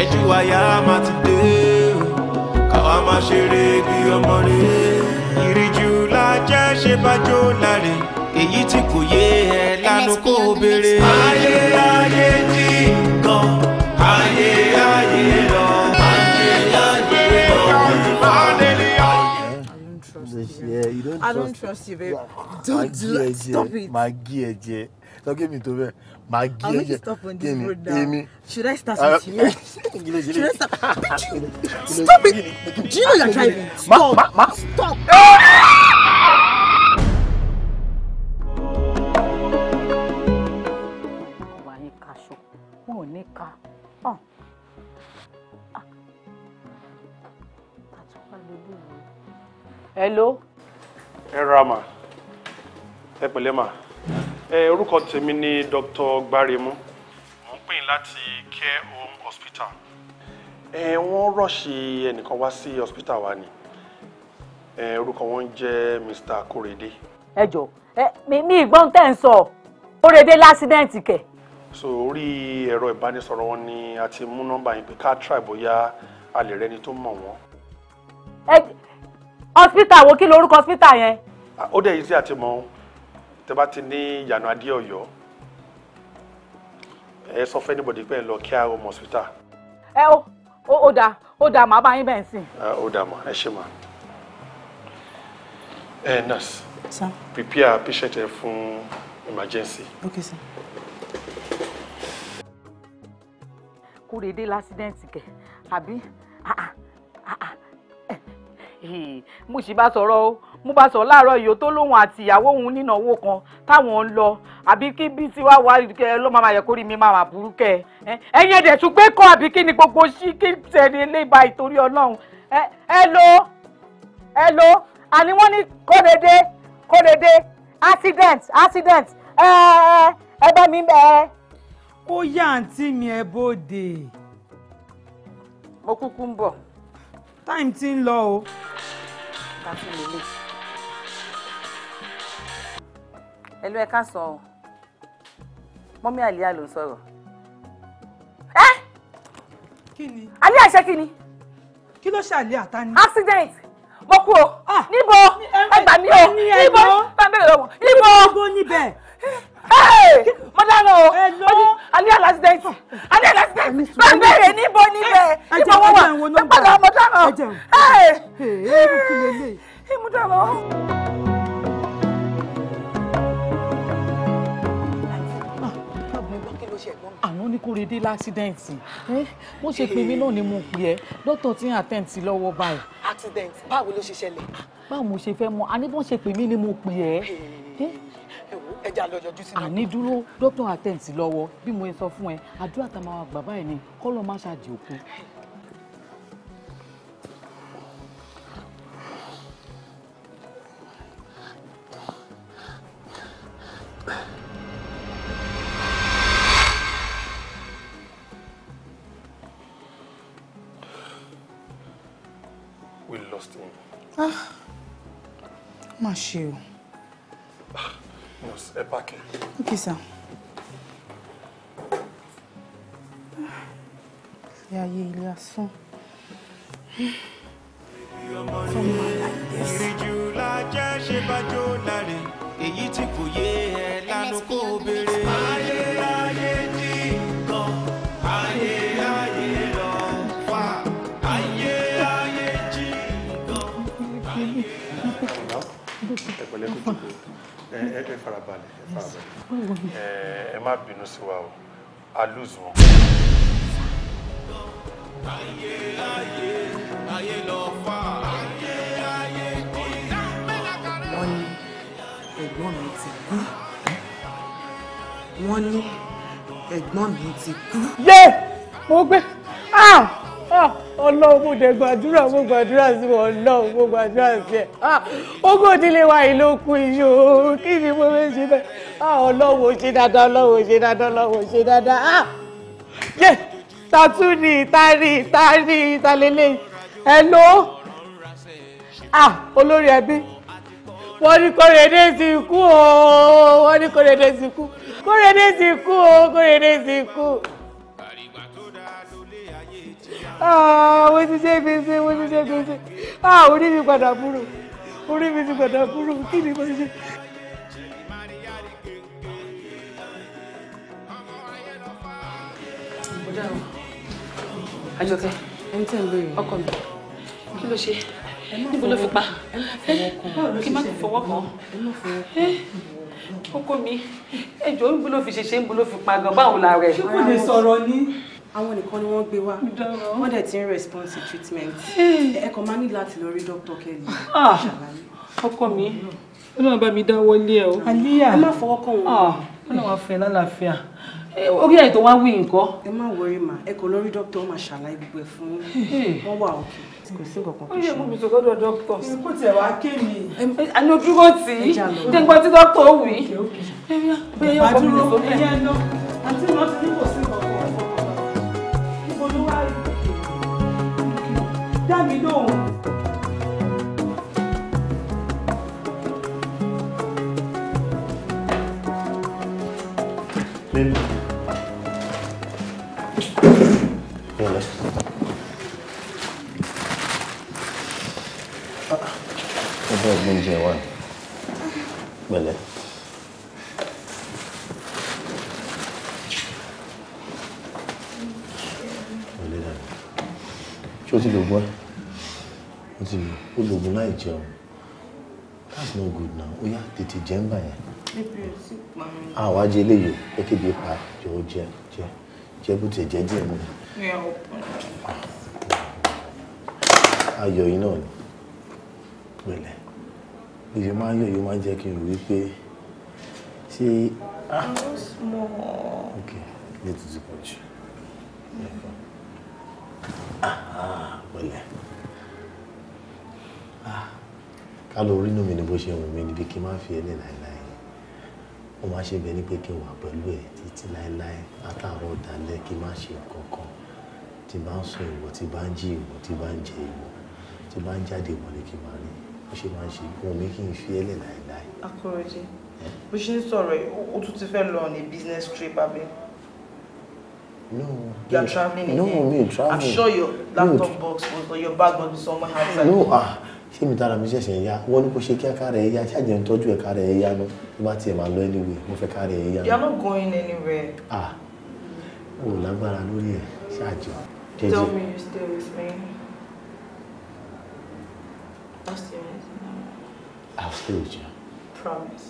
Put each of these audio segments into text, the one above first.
ẹjú àyà má ti dé káwa má ṣeré bí ọmọ rẹ ìríjú la jẹ́ ṣe bájó láre èyí tí kò yé ẹ lánàá kó o béèrè. ayé ayé jí gan ayé ayé lọ Yeah, you don't I trust don't trust you, babe. Don't do that. Stop it. My gear, sọ́kè mi tó bẹ́ẹ̀ máa gé ẹ̀jẹ̀. I'll make you stop Should I start with you? Should I start? Stop it! Do you know you're driving? Stop! Ma, ma, ma. Stop! Wà ní ah. Hello. Ẹ ra mà, ẹ pẹ̀lẹ́ mà orúkọ tèmi ni Dr. Gbaremu mo ń pè yín láti care home hospital ẹ wọ́n rọ̀ṣì ẹnìkan wá sí hospital wa ni orúkọ wọn jẹ́ Mr. Korede. ẹ jọ ẹ mi ìgbọ́n tẹ̀ ń sọ Korede lásìdẹ́ǹtì kẹ̀. so orí ẹ̀rọ ìbánisọ̀rọ̀ wọn ni a ti mú nọ́mbà yín pé ká try bóyá a lè rẹni tó mọ̀ wọ́n. ẹ hospital wo kí lorúkọ hospital yẹn. ó dẹ̀ yìí sí àti mọ́ ọ́n tẹ́ bá ti ní ìyànà adé ọ̀yọ́ ẹ sọ fún anybody pé ẹ lọ kí àwọn hospital. ẹ o ó dà ó dà mà á bá yín bẹ́ẹ̀ sìn. ó dà mà ẹ ṣe mà. ẹ nurse sir. prepare patient ẹ fún emergency. okay kúrèdè lásìdẹ́ǹtì kẹ̀ àbí ah, ah, ah, mo sì bá sọ̀rọ̀ o mo bá sọ̀rọ̀ láàárọ̀ yìí o tó lóun àti ìyàwó òun nínáwó kan táwọn ń lọ àbí kí bí tí wàá wá ló máa máa yẹ kórìí mi máa máa burú kẹ ẹ ẹyin ẹdẹ ṣùgbẹ́ kọ́ àbí kí ni gbogbo sí kí tẹ̀lé ilé ìbá ìtorí ọlọ́run ẹ ẹ lo ẹ lo àní wọ́n ní kódede kódede accident accident ẹ ẹ ẹ bá mi bẹ́ẹ̀. ó yá àǹtí mi ẹ bóde. mo kúkú ń bọ̀ time ti ń lọ o. ẹlú ẹ ká sọ ọ mọ́mí àlíyá ló ń sọ̀rọ̀. ẹ́ kí àlíyá ṣe kí ni. kí ló ṣe àlíyá ta ni. accident mo kú o. Ah! níbo ẹ gbà mí o níbo níbo níbo níbẹ̀ ó dáná o ó ní alẹ́ alásídẹ́ǹtì alẹ́ alásídẹ́ǹtì bá bẹ̀rẹ̀ níbo níbẹ̀ níbo wọ́n wà ó padà ọmọ dáná o ẹ mú dáná o. àná ní kó redé lásídẹ́ǹtì eh, bó ṣe pè mí náà ni mo pè ẹ́ dókítà ti ń àtẹ̀ǹtì lọ́wọ́ báyìí. accident báwo ló ṣe ṣẹlẹ̀. báwo mo ṣe fẹ́ mọ̀ àní bó ṣe pè mí ni mo pè ẹ́. Eh? ẹ ẹja lọ yọjú sí. àní dúró dókítà attend sí lọ́wọ́ bí mo sọ fún ẹ àdúrà tá a máa gbà báyìí ni kọ́lọ́ má ṣàjì òkú. We lost him. Ah, má ṣe o. Please, ẹ pàkì. Okay, sir. Ìyá ayé ilé asán. Ìrìnjú la èyí tí kò yé ẹ lánàá kó béèrè. Ayé ayé jí kan, ayé ayé lọ wá, ayé ayé jí kan, ayé ayé lọ ẹ farabalẹ̀ ẹ farabalẹ̀ ẹ má bínú sí wa o a lose wọn. wọ́n ní ẹ̀gbọ́n mi ti kú wọ́n ní ẹ̀gbọ́n mi ti kú. yé mo gbé ah. Ah, ọlọ́run mo dẹ̀ gbàdúrà mo gbàdúrà sí wọn ọlọ́run mo gbàdúrà sí ẹ̀ ogún ìdílé wa yìí ló kú iye kí ni mo fẹ́ ṣe bẹ́ẹ̀ ah, ọlọ́run ò ṣe dáadáa ọlọ́run ò ṣe dáadáa ọlọ́run ò ṣe dáadáa ah, yẹ tàtú ni ìtarí ìtarí ìtalélẹ̀ ẹ ló olórí ẹbí wọ́n ní kórèdé ti kú o wọ́n ní kórèdé ti kú kórèdé ti kú o kórèdé ti kú mo ah, ti ṣe gbèsè mo ti ṣe gbèsè ah, orí mi padà kúrò orí mi ti padà kúrò kí ni mo ṣe. àjọkẹ́ ẹni tẹ́ ń béèrè ọkọ mi kí ló ṣe níbo ló fi pa kí má fọwọ́ kàn ọkọ mi ẹjọ́ níbo ló fi ṣe ṣe níbo ló fi pa gan báwo la rẹ̀. ṣé kò lè sọ̀rọ̀ ni àwọn nìkan ni wọ́n gbé wá wọ́n dẹ̀ ti ń response to treatment eh. ẹ kàn máa ní láti lọ rí dókítà Kelly. Ah. ṣàlàyé. ọkọ mi ó náà bá mi dáwọ́ lé ẹ o. àlíyà ẹ má fọwọ́ kàn wọ́n. Ah, ó náà wá fẹ́ lálàáfíà eh, orí ẹ̀ tó wá wí nǹkan. ẹ má wọrí mà ẹ kò lórí dókítà ó máa ṣàlàyé gbogbo ẹ fún eh. wọn wà òkè kò sí nǹkan kan tó ṣe. ó yẹ kó mi sọ̀rọ̀ dọ̀ dókítà. kó tiẹ̀ wá ké mi. àná dúró tì í dégbà tí dókítà ó wì í. bẹ́ẹ̀ yóò kọ́ mi lè sọ bẹ́ẹ̀. àti wọn ti ní kò sí nǹkan. dá mi lóhùn. Lynn. Yeah, let's go. Ọjọ́ ìgbín jẹ wá. Pẹ̀lẹ́. Ṣé ó ti ó lo oògùn láì jẹun that's no good now ó yá tètè jẹ́ ń bà yẹn. ebi ò sì pa mí. àwa jẹ eléyìí ó kébi pa jọ jẹ jẹ jẹ bó tiẹ̀ jẹ́ díẹ̀ nínú. mi ò pọ̀ ayọ̀ yìí náà ni pẹ̀lẹ́ bí ṣe máa ń yọ̀ yìí máa ń jẹ́ kí n rò wípé ṣé. Ah! okay ní tuntun pọ̀ jù. Ah, ah, pẹ̀lẹ́. Ah, ká ló rí inú mi ni bó ṣe wù mí níbi kí n má fi ẹlẹ́ láéláé ó máa ṣe bẹ́ẹ̀ ni pé kí n wà pẹ̀lú ẹ̀ títí láéláé látàárọ̀ dalẹ́ kí n má ṣe nǹkan kan tí bá ń sọ ìwọ tí bá ń jí ìwọ tí bá ń jẹ ìwọ tí bá ń jáde ìwọ ni kí n máa rí bó ṣe máa ń ṣe wù mí kí n fi ẹlẹ́ láéláé. Akọ́rọ́jẹ́ bó ṣe ń sọ̀rọ̀ ó tún ti fẹ́ lọ ní business trip abẹ́. No. You are traveling no, again. No, me traveling. I'm sure your laptop no. box was, or your bag must be somewhere outside. No, ah. Uh, ṣé mi dára mi ṣẹ̀ṣẹ̀ yá wọ́n ní kó ṣe kí á kára ẹ̀ yá ṣáàjẹ́ ń tọ́jú ẹ̀ kára ẹ̀ yá ná bí tiẹ̀ máa lọ anyway mo fẹ́ kára ẹ̀ yá. you are not going anywhere. ah o lágbára lórí ẹ̀ ṣáàjọ. tell me you stay with me. I'll stay with you. Promise.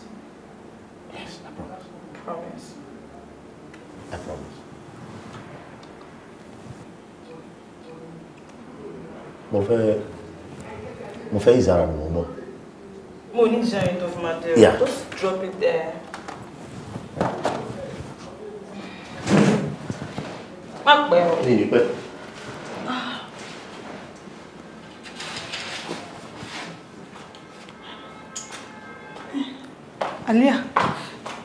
Yes, I promise. Promise. I promise. mo fẹ́ mo fẹ́ ìzara mi mo bọ̀. mo ní ìṣẹ́yìn tó fi máa tẹ̀ ọ́ just drop it there. má pẹ́ o. ní ìpẹ́. Alia,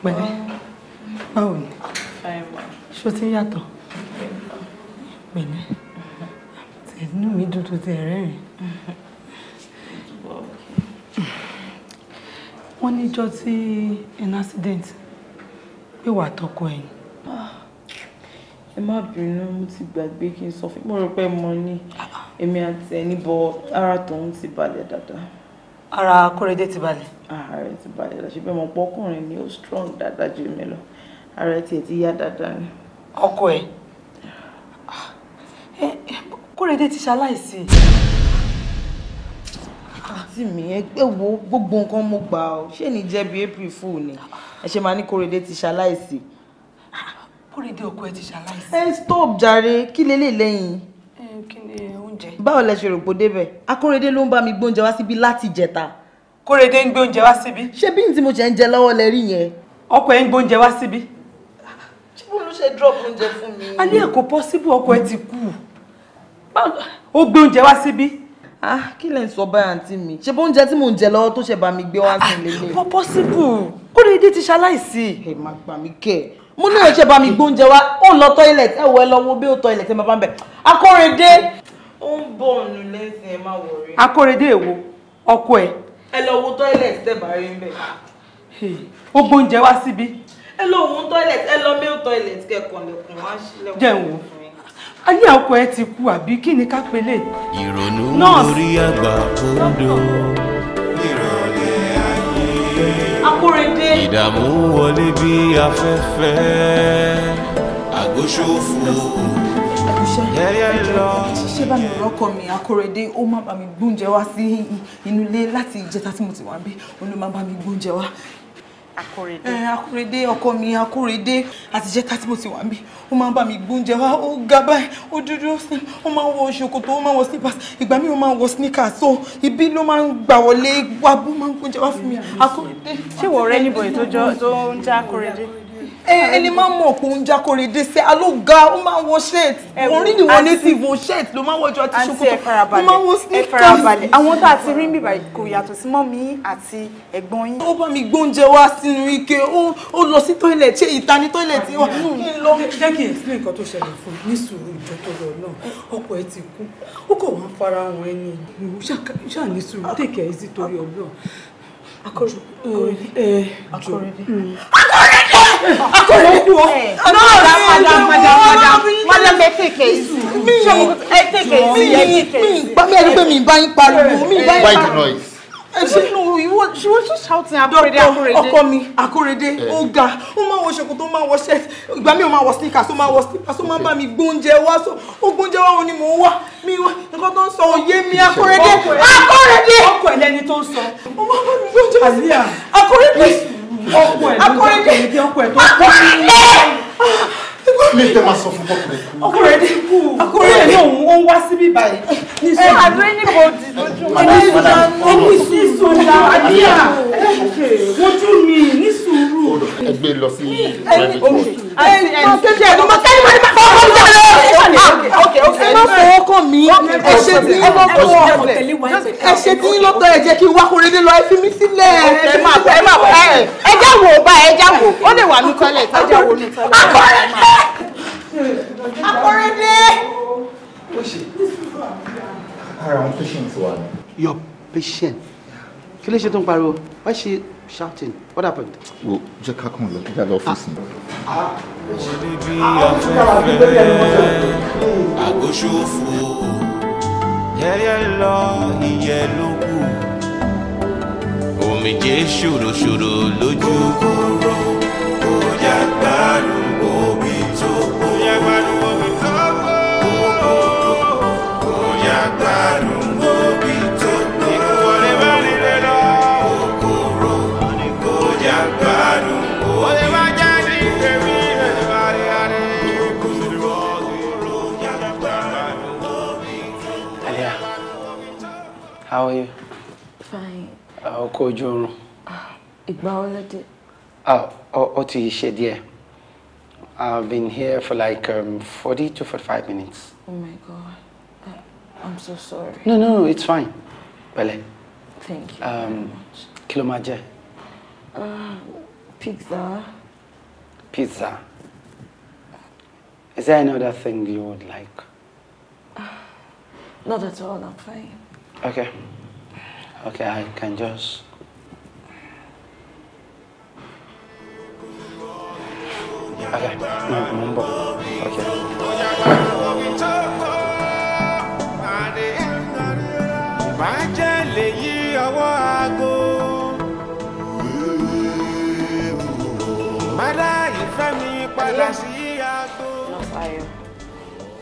pẹ̀lẹ́, báwo ni? Ṣo ti yàtọ̀? Pẹ̀lẹ́, inú mi dúdú ti ẹ̀rẹ́rìn. wọ́n níjọ́ tí an accident pé wà tọkọ ẹ̀yìn. Ah, ẹ má bínú mo ti gbàgbé kí n sọ fún mo rò pé mo ní ah. èmi àti ẹni bọ ara tòun ti balẹ̀ dáadáa. ara Kóredé ti balẹ̀. Ah, ara rẹ ti balẹ̀ dáadáa ṣùgbọ́n mo pọ́ ọkùnrin ni ó strong dáadáa jù mí lọ ara rẹ tiẹ̀ ti yá dáadáa ni. ọkọ ẹ Kóredé ti ṣaláìsí àǹtí mi ẹ wo gbogbo nǹkan mo gbà ọ ṣé ní jẹ̀bi april fool ni ẹ ṣe máa ní kórèdé ti ṣaláìsí. kórèdé ọkọ ẹ ti ṣaláìsí. ẹ stop jàre kí lélẹ̀ lẹ́yìn. kí ni oúnjẹ. báwo lẹ ṣe rò pé débẹ̀ akórèdé ló ń bá mi gbóúnjẹ wá síbi láti jẹta. kórèdé ń gbóúnjẹ wá síbi. ṣé bí n tí mo ṣe ń jẹ lọ́wọ́ lẹ rí yẹn. ọkọ ẹ ń gbóúnjẹ wá síbi. ṣé bó ló ṣe drop oúnjẹ fún mi. a ní ẹ̀kọ́ possible ọkọ ẹ ti kú ó gbóúnjẹ wá síbi ah kí lẹ ń sọ báyà àǹtí mi ṣe bó ń jẹ tí mò ń jẹ lọ́wọ́ tó ṣe bá mi gbé wá sí ilé ilé. for possible kó lè dé ti ṣaláìsí. ẹ má gbà mí kẹ mo ní ìṣe bá mi gbóúnjẹ wá ó lọ toilet ẹ wọ ẹ lọ wo bí ó toilet ẹ máa bá ń bẹ akórèdé. ó ń bọ̀ ọ̀nù lẹ́sìn ẹ má wọrí. akórèdé èwo ọkọ ẹ. ẹ lọ wo toilet tẹ bá rí ń bẹ. ó gbóúnjẹ wá síbí. ẹ lọ wo toilet ẹ lọ mail toilet kẹkànlẹ̀kùn wá sílẹ̀. jẹ́ ń wò ó ayé ọkọ ẹ ti kú àbí kí ni ká pélé. ìrònú orí àgbà odò. ìrọ̀lẹ́ ayé. akóredé. ìdààmú wọlé bí afẹ́fẹ́. àgóṣòfò. yẹ́yẹ́ lọ. ṣé bá mi rọ́kọ mi akóredé ó má bá mi gbóúnjẹ wá sí inú ilé láti ìjẹta tí mo ti wà bí olú má bá mi gbóúnjẹ wá akóredé. ẹ eh, akóredé ọkọ mi akóredé àtijẹ́ta tí mo ti wà mí ó máa ń bá mi gbóúnjẹ wá ó ga báyìí ó dúdú ó máa ń wọ ṣòkòtò ó máa ń wọ slippers ìgbà míì ó máa ń wọ sneakers so ibi ló máa ń gbà wọlé wá bó máa ń gbóúnjẹ wá fún mi akóredé. ṣé ìwọ rẹ níbo ètò tó ń jẹ́ akóredé. Eh, ẹni máa mọ̀ pé òun jákòrè dé sẹ́ alóga ó máa wọ ṣẹ́ẹ̀tì òun rí ni wọ́n ní ti wọ ṣẹ́ẹ̀tì ló máa wọjọ́ àti ṣòkòtò ó máa wọ sneakers. àwọn tá a ti rí ń kò yàtọ̀ sí mọ́ mi àti ẹ̀gbọ́n yín. ó bá mi gbóúnjẹ wá sínú ike ó lọ sí toilet ṣé ìta ní toilet tí ah, wọ́n kí n lọ. jẹ́ kí n explain nǹkan tó ṣẹlẹ̀ fún mi ní sùúrù ìjọ náà ọkọ ẹ ti kú ó kọ̀ wọ́n fara hàn ẹni Akọ̀ròdé. Akọ̀ròdé. Akọ̀ròdé wọ. No madam madam madam madam ẹ take it easy. Mi ì mi ì mi ì gbá mi ẹni pé mi ì bá yín pariwo mi ì bá yín pariwo no he was she was just shouting akorede akorede ọkọ mi akorede eh. ó ga ó máa wọ ṣòkòtò ó máa wọ shirt ìgbà mi ò máa wọ sneakers ó máa wọ sneakers ó máa bá mi gbóúnjẹ wá so ó gbóúnjẹ wá òun ni mò ń wá mi wá nǹkan tó ń sọ òye mi akorede akorede ọkọ ẹ lẹni tó ń sọ ó máa bá mi gbóúnjẹ wá akorede ọkọ ẹ lẹni tó ń sọ ọkọ ẹ tó ń sọ ọkọ mi tẹ ma sọ fún ọkùnrin. ọkùnrin ẹni ọkùnrin ẹni òun ó ń wá síbí báyìí. ẹ àdúrà ní kò dì lójú mi. ẹni ìsọdá ẹni you mean? wojú mi ní sùúrù. ẹgbẹ́ lọ sí private court. ẹni ọ̀kẹ́kẹ́ ẹ̀dùn mọ́ kẹ́yìn mọ́ fọwọ́ jáde. ẹ má fọwọ́ kàn mí ẹ ṣe tí ẹ má ẹ ṣe tí ń lọ́tọ̀ ẹ jẹ́ kí n wá kúrẹ́ nílọ ẹ fi mí sílẹ̀. ẹ má ẹ má ẹ ẹ já wò bá ẹ já wò ó lè wà ní tọ́lẹ̀ ẹ já wò ní tọ́lẹ̀. akọrẹdé akọrẹdé. ara àwọn patient wa. your patient kí ló ṣe tó ń pariwo wá ṣe shouting what happened. wo jẹ ká kàn lọ kíkà lọ fèsì. ṣèbí afẹ́fẹ́ àgọ́ṣòfò yẹ́yẹ́ lọ ìyẹ́ ló kù omijé ṣòroṣòro lójú kóró kó yàgbá lù. kó ojú oorun. Ah, ìgbà ọlọ́dẹ. Ah, ó ti ṣe díẹ̀ I've been here for like um, forty to forty-five minutes. Oh my God, ah, I'm so sorry. No, no, no, it's fine. Pẹ̀lẹ́. Thank you. Um, kí ló máa jẹ? Pizza. Pizza. Is there any other thing you would like? Not at all, I'm fine. Okay. Okay, I can just Okay. mo ń bọ̀ ọ̀kẹ́. bàjẹ́ lè yí ọwọ́ aago. mádà ìfẹ́ mi padà sí aago.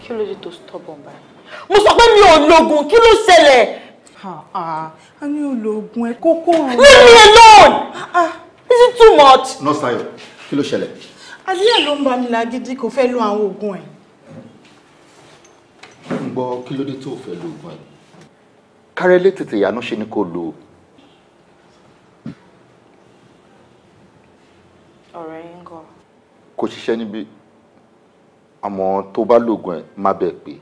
kí ló dé tó stubborn báyìí. mo sọ pé mi ò lògùn kí ló ṣẹlẹ̀. a ní olóògùn ẹ kókó. leave me alone. this ah, ah. is too much. nọ́ọ̀sì ayọ̀ kí ló ṣẹlẹ̀ adíyà ló ń bá mi lágídí kò fẹ́ lo àwọn oògùn ẹ̀. ń gbọ́ kí ló dé tó fẹ́ lo oògùn ẹ̀. kárẹ́lé tètè yànú ṣe ni kò lo. ọ̀rẹ́ yín kọ́. kò ṣiṣẹ́ níbí àmọ́ tó bá lògùn ẹ̀ má bẹ́ẹ̀ pé.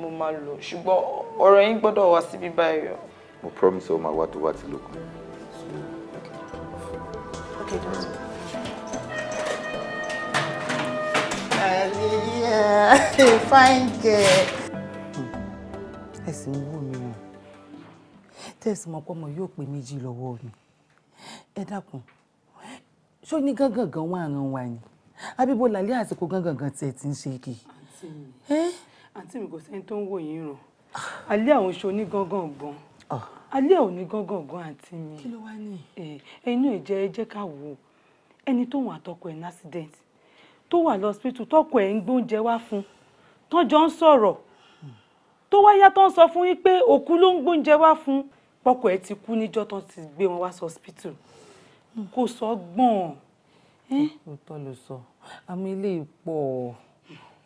mo máa lò ṣùgbọ́n ọ̀rọ̀ yín gbọ́dọ̀ wá síbí báyìí mo promise o máa wá tó wá ti lògùn. Okay, just. Aliyah, fine girl. Ẹ̀sìn ń wò mí o. Tẹ̀sí mọ̀ pọ́mọ yóò pé méjì lọ́wọ́ mi. Ẹ dákun, ṣó ní gángan gan wọ́n àrùn wa ni? Abíbo làlẹ́ àsìkò gángan gan tiẹ̀ ti ń ṣe kì. Àǹtí mi kò sẹ́ni tó ń wò yín ràn. Alẹ́ àwọn oṣù onígangan gan. Ah. alẹ́ òní gángangan àǹtí mi kí ló wá ní. inú ìjẹ́ ẹ jẹ́ ká wò ó ẹni tóun àtọkọ ẹ̀ ní accident tó wà lọ́sípítù tọkọ ẹ̀ ń gbóúnjẹ wá fún tọ́jọ́ ń sọ̀rọ̀ tó wáyá tó ń sọ fún yín pé òkú ló ń gbóúnjẹ wá fún pọkọ ẹ̀ ti kú níjọ́ tó ti gbé wọn wá sọ́sípítù kò sọ gbọ̀n. òótọ́ ló sọ àmì ilé ìpọ̀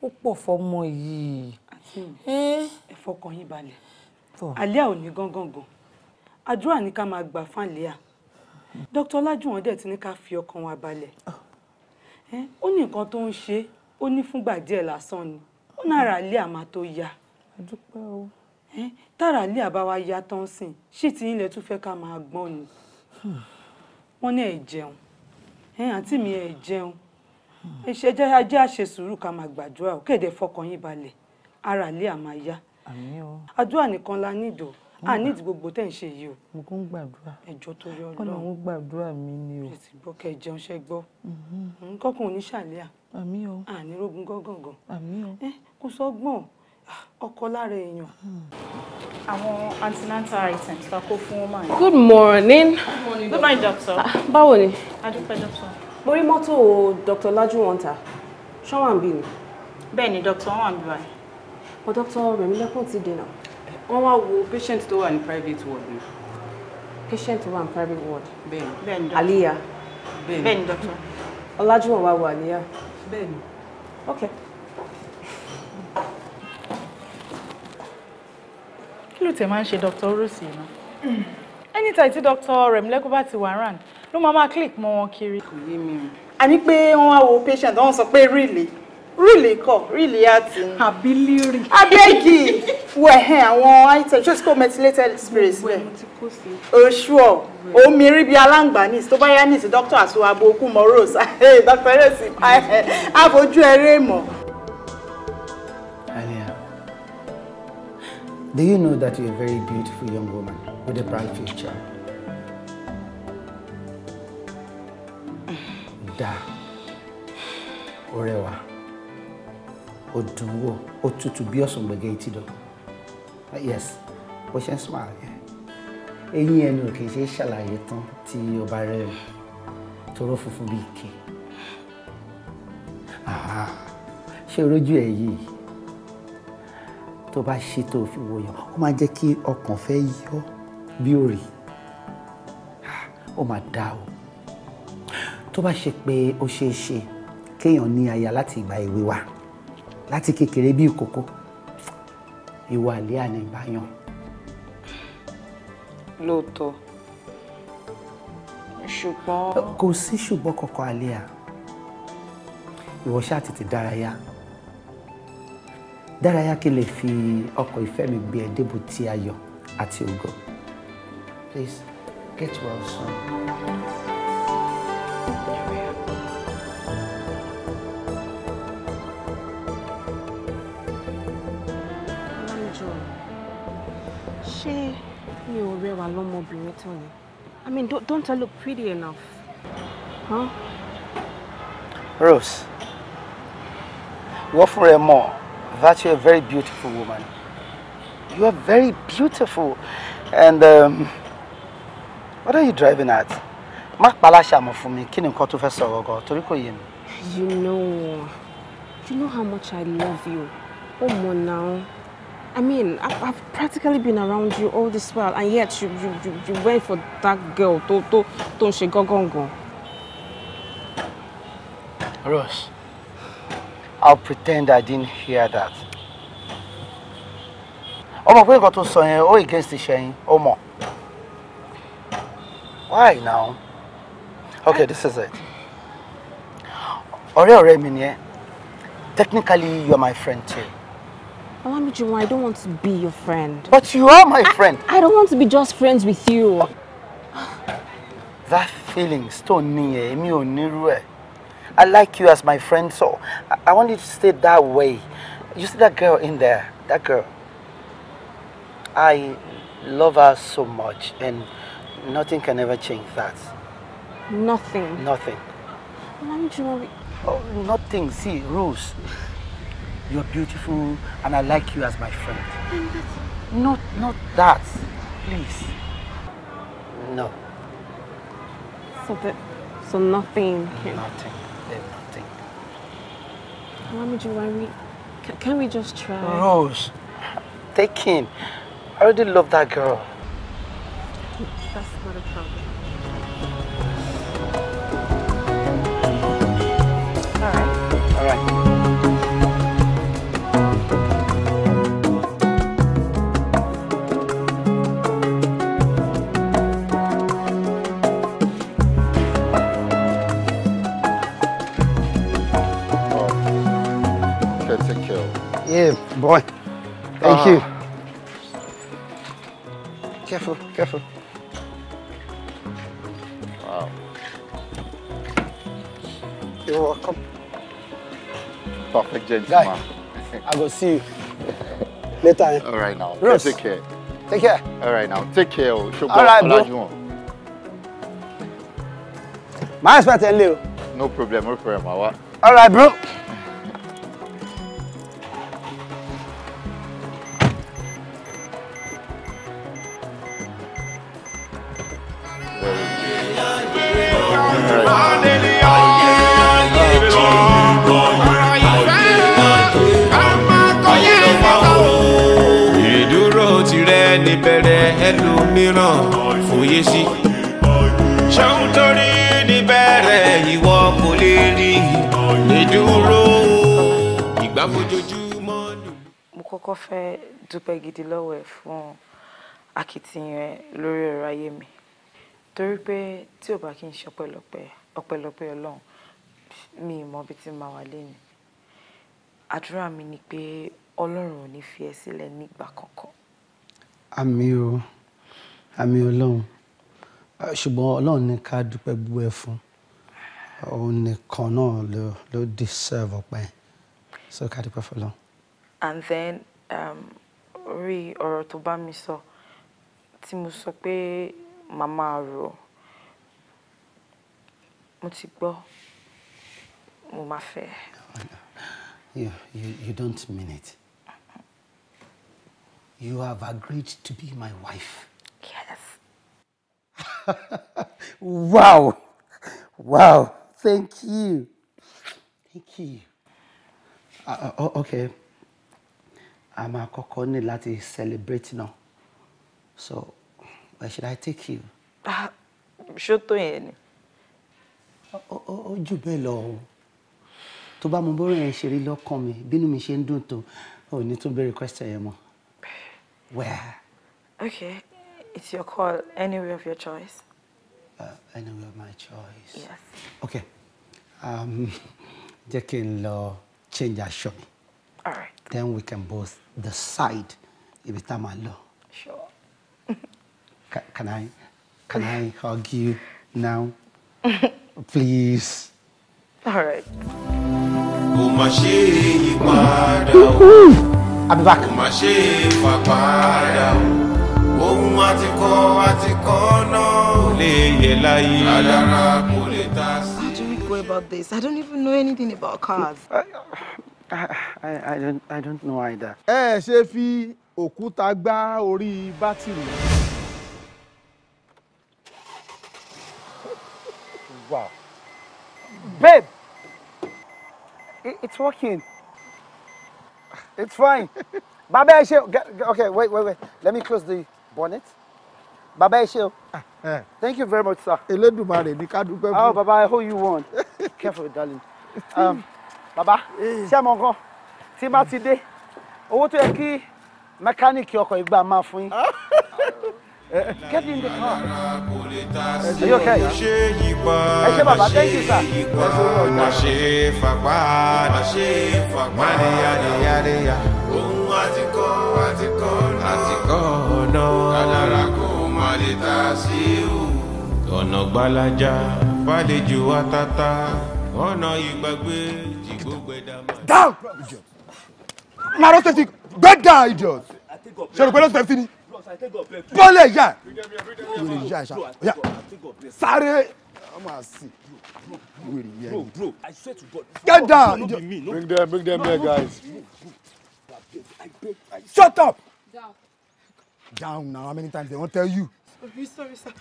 ó pọ̀ fọmọ yìí. ẹ fọkàn yín balẹ̀ àlíà ò ní gángangan àdúrà ní ká máa gbà fáńlíà dr ọlájúwọ̀n dẹ̀ ti ní ká fi ọkàn wa balẹ̀ ah. ó ní nǹkan tó ń ṣe ó ní fúngbà díẹ̀ lásán ni ó nára àlíà máa tó yá tára àlíà bá wa yá tán sìn ṣì tí ilẹ̀ tún fẹ́ ká máa gbọ́n ni wọ́n ní ẹ jẹun àǹtí mi ẹ jẹun ẹ ṣe ajá sùúrù ká máa gbàdúrà ó kéde fọkàn yín balẹ̀ ara àlíà máa yá àmín o. àdúrà nìkan la nídò a nídìí gbogbo tẹ̀ ń ṣe yìí o. mo kún gbàdúrà. ẹjọ́ tó yọ lọ Ọlọ́run gbàdúrà mi ni o. ètò ìgbọ́ kẹ jẹun ṣe gbọ́. Mhm. kọ́kùn oníṣàlẹ̀ à. àmín o. ànírógun gángan. àmín o. ẹ kò sọ́gbọ́n ọkọ lára èèyàn. Hmm. àwọn antenatal items la kó fún ọmọ yẹn. good morning. good morning good morning doctor. Ah, báwo ni. adúpẹ́ doctor. mo rí mọ́tò dr lajuwọ́ntà ṣọ́wọ́n bí ni. bẹ́ẹ̀ ni doctor wọ́n wà ń bí báyìí but doctor Rẹ̀mílẹ́kùn ti dènà. wọ́n wá wo patient tó wà ní private ward ni. patient tó wà ní private ward. bẹ́ẹ̀ni bẹ́ẹ̀ni Aliya. bẹ́ẹ̀ni bẹ́ẹ̀ni doctor. Ọlájúwọ̀n wá wo Aliya. bẹ́ẹ̀ni. okay. kí ló tẹ̀ máa ń ṣe dr orosi iná anytime tí dr Rẹ̀mílẹ́kùn bá ti wà ràn ló máa máa click mọ́ wọn kiri. kò yé mi o. àní pé wọ́n wá wo patient wọ́n sọ pé rí ìlé. Really? really kọ really àti. àbí lírì. abẹ́gi wẹ̀ ẹ̀ àwọn item ṣé o ti kó methylated spirits bẹ́ẹ̀. o sure o mìírí bíi aláǹgbá ní tó bá yá ní ti doctor àti abo okú mọ rose dr rose àfojú ẹrẹ mọ. do you know that you're a very beautiful young woman with a bright future? Da, Orewa ó dùn wò ó tutù bí ọ̀sán yes o ṣe ń smile yẹn eyín ẹnu ò kì í ṣe é ṣàlàyé tán tí o bá rẹ̀ toró funfun bíi ike ṣé rojú ẹ yìí tó bá ṣe tó fi wòyàn ó máa jẹ́ kí ọkàn fẹ́ yọ bí òrì ó máa dá o tó bá ṣe pé ó ṣeé ṣe kéèyàn ní aya láti ìgbà èwe wa láti kékeré bí ìkókó ìwà àlẹ́ àní ìbáyàn. lóòótọ́ ṣùgbọ́n. kò sí ṣùgbọ́n kankan àlẹ́ à ìwọ ṣáà tètè dárayá dárayá kí lè fi ọkọ̀ ìfẹ́ mi gbé ẹ débùtì ayọ̀ àti ògo please get well soon. mean, don't, don't I look pretty enough? Huh? Rose, you offer a more that you're a very beautiful woman. You are very beautiful. And um, what are you driving at? Mark palasha mọ́ fún mi, kí ni nǹkan tó You know, you know how much I love you. Oh, mo now. I mean, I've, I've practically been around you all this while, and yet you, you, you, you went for that girl, tó tó tó ń go gángan. Rose, I'll pretend I didn't hear that. Ọmọ pé nǹkan tó sọ yẹn ó against Ṣẹ́yìn, ó mọ̀. Why now? Okay, this is it. Ọ̀rẹ́ ọ̀rẹ́ minye. Technically, you're my friend too. Olamijuwon, I don't want to be your friend. But you are my I, friend. I don't want to be just friends with you. That feeling still near me or near I like you as my friend, so I, I want you to stay that way. You see that girl in there, that girl. I love her so much, and nothing can ever change that. Nothing. Nothing. Olamijuwon. Oh, nothing. See rules. You're beautiful and I like you as my friend. Not, not that. Please. No. So that, so nothing can... Nothing. Eh, nothing. Why would you, worry? we... can we just try? Rose, take him. I already love that girl. That's not a problem. boy. Thank uh, you. Ah. Careful, careful. Wow. You're welcome. Perfect gentleman. Guy, I will see you later. All right now. Rose. Take care. Take care. All right now. Take care. Oh. All right, bro. My respect, Leo. No problem, no problem. All right, bro. kọ́kọ́ fẹ́ dúpẹ́ gidi lọ́wọ́ ẹ̀ fún akitiyan ẹ lórí ọ̀rọ̀ ayé mi torí pé tí ò bá kí n ṣe ọpẹ́lọpẹ́ ọpẹ́lọpẹ́ Ọlọ́run mi mọ ibi tí màá wà lẹ́nu àdúrà mi ni pé Ọlọ́run ò ní fi ẹ́ sílẹ̀ nígbà kankan. àmì o àmì Ọlọ́run ṣùgbọ́n Ọlọ́run ní ká dúpẹ́ gbogbo ẹ fún òun nìkan náà ló ló deserve ọpẹ́ so ká dúpẹ́ fọlọ́run. and then orí um, ọ̀rọ̀ tó bá mi sọ tí mo sọ pé màá máa rò. Mo ti gbọ́, mo máa fẹ́. You, you, you don't mean it. You have agreed to be my wife. Yes. Wow! Wow! Thank you. Thank you. Uh, uh okay a máa kọ́kọ́ ní láti celebrate náà so where should I take you. Ah, ṣó tó yẹn ni. ó jù bẹ́ẹ̀ lọ o tó bá mo bóra yẹn ṣe rí lọ́kàn mi bínú mi ṣe ń dùn tó ò ní tún béèrè question yẹn mọ́ where. okay it's your call anywhere of your choice. Uh, anywhere of my choice. yes. okay um, jẹ́ kí n lọ change aṣọ mi. All right. Then we can both decide if it's my law. Sure. can, can I, can I hug you now? Please. All right. I'll be back. How do we go about this? I don't even know anything about cars. Ah, I, I, don't, I don't know either. ẹ ṣe fi òkúta gbá orí bátìrì. wow babe it, it's working it's fine baba ẹ ṣe okay wait wait wait let me close the bonnet baba ẹ ṣe o ah, thank you very much sir. elédùmarè ni ká dúpẹ́ oh, fún. oh baba i hope you won careful darling. Um, bàbá eh. ṣé ẹ mọ nǹkan tí n bá ti dé owó tó yẹ kí mẹkáníìkì ọkọ̀ ìgbà máa fún yín. Eh, get in the car. you okay? Ẹ ṣé bàbá, thank you sir. Má ṣe fapá, má ṣe fapá. Yàdéyàdéyàdéyà. Ohun àtikọ́ àtikọ́ náà. Àtikọ́ náà. Kádàrá kò má lè ta sí o. Ọ̀nà gbalaja, fàlejò àtàtà ọ̀nà ìgbàgbé jìgbó gbẹdà máa. down idiot na roast tefti gbẹdà idiot ṣòro pé roast tefti ni bọ́ọ̀lù ẹ̀yà wèrè ìyá ẹ̀ṣà ọ̀yà sáré ọmọ àṣì wèrè ìyá ẹ̀yìn gbẹdà idiot. bring them bring them here guys. shut up. down. down now how many times they wan tell you. sorry sorry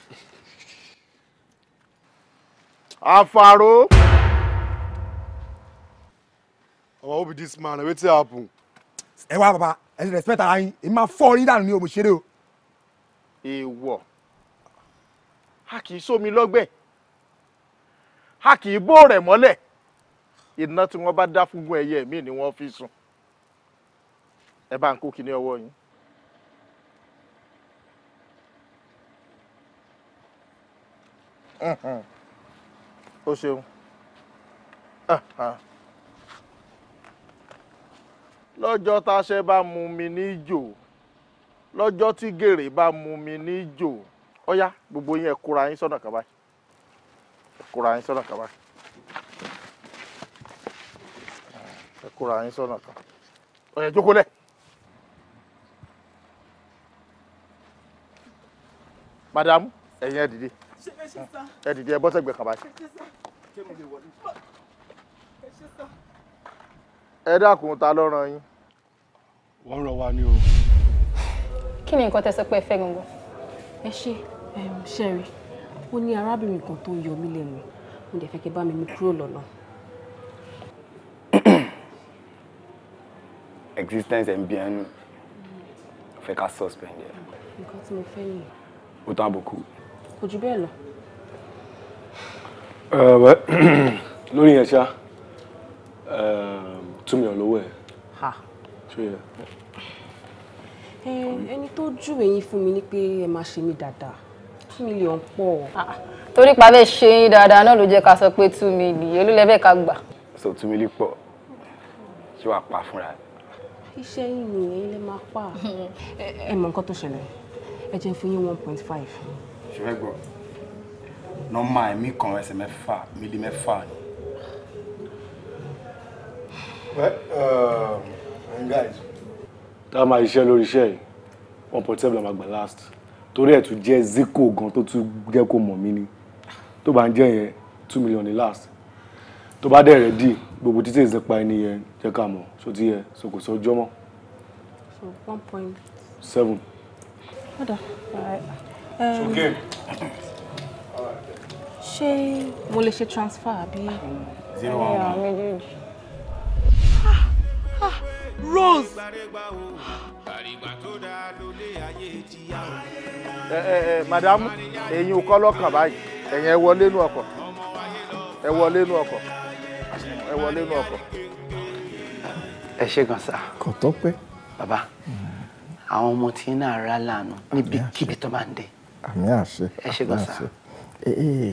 ọmọ obi dis man wetin happen. ẹ wá bàbá ẹ ti respect ara yín èmi máa fọ́ orí dànù ní omi ṣeré o. èèwọ̀ a kì í sómi lọ́gbẹ̀ẹ́ a kì í bó rẹ̀ mọ́lẹ̀ iná tí wọ́n bá dá fúngun ẹyẹ mi ni wọ́n fi sùn ẹ bá ń kó kíní ọwọ́ yín. o ṣeun lọ́jọ́ táṣẹ́ bá mú mi ní jò lọ́jọ́ tí gèrè bá mú mi ní jò ọ̀yá gbogbo yín ẹ kóra yín sọ́nà kan báyìí ẹ kóra yín sọ́nà kan báyìí ẹ kóra yín sọ́nà kan ọ̀yá jókòó lẹ̀. madam ẹ̀yin ẹ dìde ẹ dìde ẹ bọ́ sẹ́gbẹ̀ẹ́ kan ẹ dákun ta ló yín. wọ́n rọ wa ni o. kí ni nǹkan tẹ́ sọ pé ẹ fẹ́ gangan. ẹ ṣe ṣẹ́rí ó ní arábìnrin kan tó ń yọ mí lẹ́nu mo dẹ̀ fẹ́ kí bá mi mú kúrò lọ́nà. existence ẹ̀ ń bí ẹnu fẹ́ ká suspend ẹ̀. nǹkan tí mo fẹ́ nìyẹn. ó tán àbùkù. kò jù bẹ́ẹ̀ lọ. lórí yẹn ṣá two million lówó ẹ̀. ṣé yẹ. ẹni tó júwe yín fún mi ni pé ẹ máa ṣe mí dáadáa two million pọ̀. torí pa bẹ́ẹ̀ ṣe yín dáadáa náà ló jẹ́ ká sọ pé two million èló lẹ́bẹ̀ẹ́ ká gbà. sọ two million pọ̀ ṣé wàá pa fúnra rẹ̀ iṣẹ́ yìí ni ẹ̀yin lè máa pa. ẹ mọ nǹkan tó ṣẹlẹ̀ ẹ jẹ́ fún yín one point five. ṣùgbọ́n gbọ́ nọ́mbà ẹ̀mí kan ẹsẹ̀ mẹ́fà mílí mẹ́fà ni Uh, tá a máa iṣẹ́ lórí iṣẹ́ yìí one point seven la máa gbà last torí ẹ̀ tún jẹ́ zico gan tó tún jẹ́ kó mọ̀ mí ni tó bá ń jẹ́ yẹn two million ní last tó bá dẹ̀ ready gbogbo títí ìsìnpa ẹni yẹn jẹ́ ká mọ̀ ṣó ti yẹ so kò sọjọ́ mọ́. so one point seven. ọ̀dà ṣókè. Um, ṣé mo lè ṣe transfer àbí. zero one one. Rose. ẹ ẹ ẹ madam ẹ̀yin kọ́ lọ́kàn báyìí ẹ̀yin ẹ wọlé inú ọkọ̀ ẹ wọlé inú ọkọ̀ ẹ wọlé inú ọkọ̀. ẹ ṣe gan sa. kò tó pé. bàbá àwọn ọmọ tí náà rà lànà níbikíbi tó bá ń dé. àmì àṣẹ ẹ ṣe gan sa.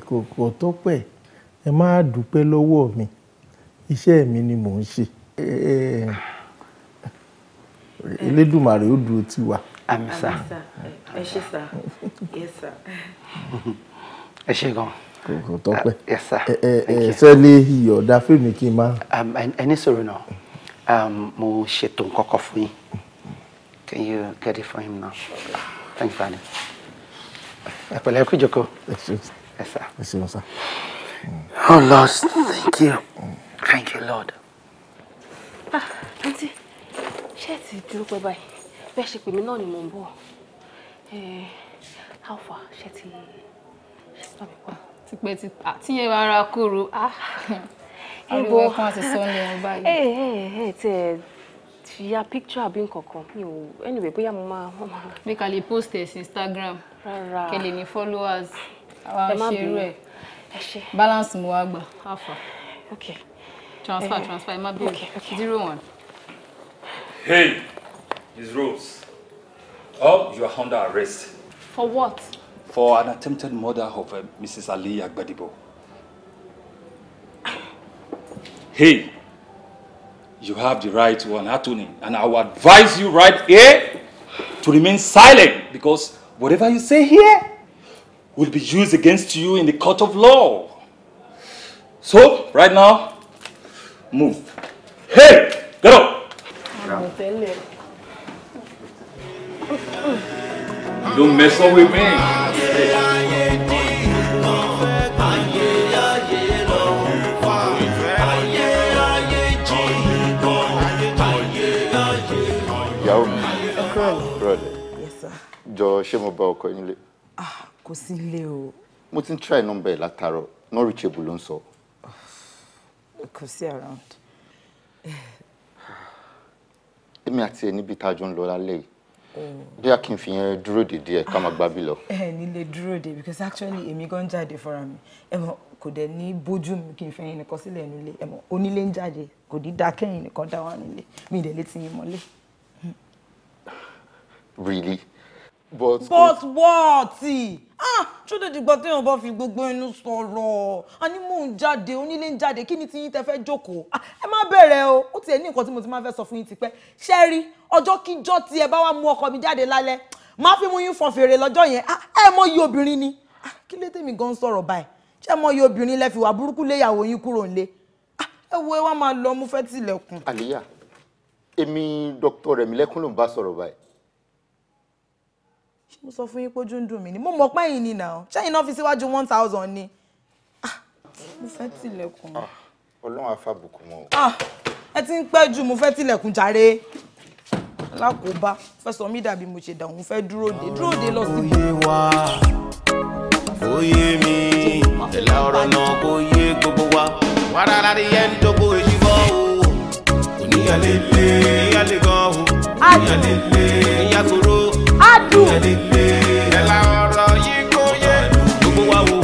kò kò tó pé ẹ má dúpẹ́ lọ́wọ́ mi iṣẹ́ mi ni mò ń ṣe. Eh. elédùmarè ó dúró tì wá. àmín sà ẹ ṣé sà yes sà. ẹ ṣé gan. kò tọ́pẹ́ ah, yes sà ẹ ẹ sẹ́lé iyọ̀ ọ̀dà fèmí kí n má. Um, ẹni sọ̀rọ̀ náà um, mo ṣètò nǹkan kan fún yín can you get it for him now thank you father ẹ ẹ kú jókòó ẹ sà. ẹ ṣeun sà. oh lord thank you thank you lord. ah auntie ṣé ti dúró pẹ́ báyìí bẹ́ẹ̀ ṣe pè mí náà ni mò ń bọ̀ alpha ṣé ti ṣe bá mi pa. tipẹ́ ti tà ah, tí yẹn máa ra kúrú ah, ariwo kan àti sunday wọn báyìí. ẹ ẹ ẹ tí ẹ fi ya picture àbí nkankan mi ò anyway bóyá mo máa wọ́n máa. bí ká lè post ẹ̀ sí instagram rárá kẹ́ lè ní followers àwa ṣe irú balance mo wá How far? okay transfer eh, transfer ẹ má bẹ̀rẹ̀ zero one. Hey, Ms. Rose. Oh, you are under arrest. For what? For an attempted murder of uh, Mrs. Ali Agbadibo. Hey, you have the right to an attorney, and I will advise you right here to remain silent because whatever you say here will be used against you in the court of law. So, right now, move. Hey, get up! Don't mess up with me. ìyàwó mi rọlẹ̀ jọ ṣé mo bá ọkọ yín lé. Ah, kò sí ilé o. mo ti ń try nọ́mbà ẹ̀ látàárọ̀ not reachable ló ń sọ. kò sí around èmi àti ẹ̀ níbi tá a jọ ń lọ lálẹ́ yìí bí a kì í fi yẹn dúró dè díẹ̀ ká máa gbábí lọ. ẹ nílé dúró dè because actually èmi gan jáde fúnra mi ẹ mọ kò dẹ̀ ní bójú mi kì í fẹ̀yìn nìkan sílẹ̀ nílé ẹ mọ onílé ń jáde kò ní dá kẹ́yìn nìkan dá wà nílé mi ìdẹ̀ létí yín mọ́lé. really but but what ah ṣúdẹ̀ dìgbà téèyàn bá fi gbogbo inú sọ̀rọ̀ a ní mò ń jáde onílé ń jáde kí ni tí yín tẹ fẹ́ jókòó ah, ẹ má bẹ̀rẹ̀ o ó tiẹ̀ ní nǹkan tí mo ti máa fẹ́ sọ fún yín tipẹ́ ṣẹ́ rí ọjọ́ kíjọ́ tí ẹ bá wá mú ọkọ mi jáde lálẹ́ máa fi mú yín fọn fèrè lọ́jọ́ yẹn ah, ẹ mọ iye obìnrin ni ah, kí lé tèmi gan sọ̀rọ̀ báyìí ṣé mọ iye obìnrin lẹ fi wà burúkú léyàwó yín kúrò nílé ẹ wo ẹ wá máa lọ mú fẹ́ tilẹ̀kùn. àlìyá èmi dr Rẹ̀mílẹ́kún ló ń bá sọ̀rọ̀ báyìí mo sọ fún yín pé ojú ń dùn mí ni mo mọ̀ pé yìí ni náà ṣẹ́yìn náà fi síwájú one thousand ni ah, mo fẹ́ tilẹ̀kùn. Ah, ọlọ́run afábùkù mọ́ o. Ah, ẹ ti ń pẹ́ jù mo fẹ́ tilẹ̀kùn jàre alákòóbá fẹ́ sọ mí dàbí mo ṣe dàrú fẹ́ dúró de dúró de lọ sí. òye wa òye mi ìlà ọ̀rọ̀ náà kò yé gbogbo wa wàrà rí ẹ̀ ń èyí bọ́ o oníyàlélé oníyàlé gan o oníyàlélé dùn. ẹ la ọ̀rọ̀ yìí kò yẹ. gbogbo wa wo.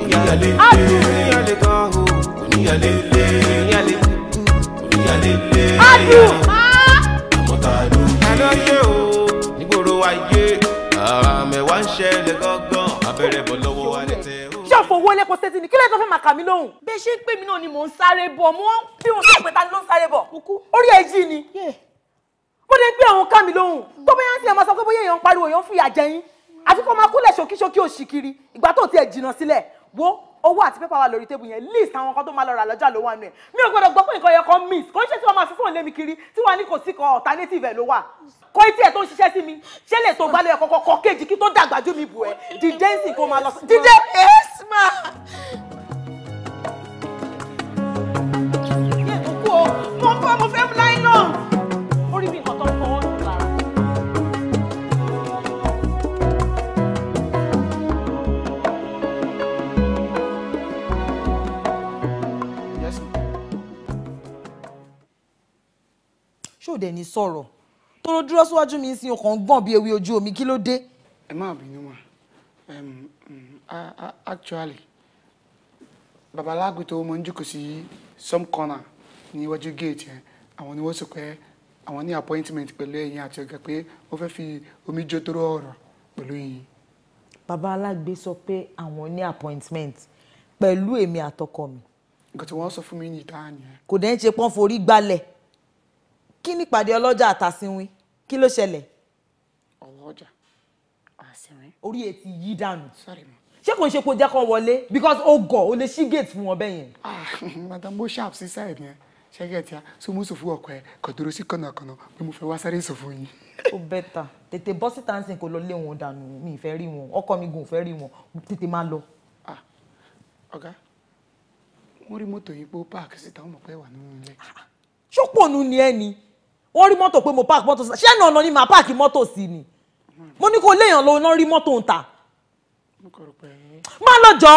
oníyàlé lé. oníyàlé kan o. oníyàlé lé. oníyàlé oníyàlé lé. a dùn. àmọ́ o. nígboro ayé. àmẹ́wàá ń ṣẹlẹ̀ gángan. abẹ́rẹ́ bọ̀ lọ́wọ́ alẹ́ tẹ ṣọ̀fọ̀ owó lẹ́kọ̀ọ́ sétí ni kí lẹ́tọ́ fẹ́ máa kà mí lóhùn. bẹ́ẹ̀ ṣe ń pè mí náà ni mò ń sáré bọ̀ mo ń bí wọn sọ pé ta ló ń sáré bọ̀ orí ẹ̀ jí ni mo lè gbé àwọn ká mi lóhùn tó bóyá ń tilẹ̀ máa sọ pé bóyá èèyàn ń pariwo èèyàn ń fìyà jẹ yín àfi kó máa kúlẹ̀ ṣókíṣókí òṣìkiri ìgbà tó tiẹ̀ jìnnà sílẹ̀ wo owó àti pépà wà lórí tébù yẹn list àwọn kan tó máa lọ rà lọ́jà ló wà nù ẹ̀ mi ò gbọ́dọ̀ gbọ́ pé nǹkan yẹn kan miss kò ń ṣe tí wọ́n máa fi fóònù lé mi kiri tí wọ́n á ní kò sí kan alternative ẹ̀ ló wà kó etí ẹ̀ tó ń ṣiṣẹ́ sí mi ṣé lè tó gbálẹ̀ kọ́kọ́ kọ́ kéjì kí tó dàgbà ju mi bù ẹ́ dìde ń sìn kó máa lọ sí. dìde esma. mo fẹ́ mo fẹ́ mu láìlọ́ọ̀ ó rí bí nǹkan tó ń fọwọ́ nù lára. ṣòdẹ̀ ní sọ̀rọ̀ tóró dúró síwájú mi sin ọkàn gbọ̀n bí ewé ojú omi kí ló dé. ẹ má bínú mà actually babaláàgbé tó mọ ń jókòó sí some corner ní iwájú gate yẹn àwọn ni wọ́n sọ pé àwọn ní appointment pẹ̀lú ẹ̀yin àti ọ̀gá pé wọ́n fẹ́ fi omi jó tóró ọ̀rọ̀ pẹ̀lú yín. bàbá alágbe sọ pé àwọn ní appointment pẹ̀lú èmi àtọkọ mi. nǹkan tí wọ́n sọ fún mi ní ìta nìyẹn. kò dẹ́n ṣe pọ́n forí gbalẹ̀ kí nípàdé ọlọ́jà àtàsínwín kí ló ṣẹlẹ̀. ọlọ́jà àsínwín. orí ẹ yí dànù. sorry ma ṣé kò ń ṣe kó jẹ́ kó wọlé because ó gọ̀ ó lè ṣí gate fún wọn bẹ́yẹn. ah madam bó ṣàpsí sáà yẹn ṣẹ́gẹ̀tì so mo sọ fún ọkọ ẹ kò dúró sí kànnàkànnà pé mo fẹ́ wá sáré sọ fún yín. ó bẹ́tà tètè bọ́ síta ń sìn kó lọ lé wọn dànù mi ì fẹ́ rí wọn ọkọ mi gùn fẹ́ rí wọn tètè máa lọ. Ah, ọ̀gá wọ́n rí mọ́tò yìí pé ó páàkì síta wọ́n mọ̀ ah, ni ẹ ni wọ́n rí mọ́tò pé mo páàkì moto síta ṣé ẹ̀nà ọ̀nà ni màá páàkì mọ́tò sí ni mo ní kó léèyàn lọ náà rí mọ́tò ń ta. má lọ jọ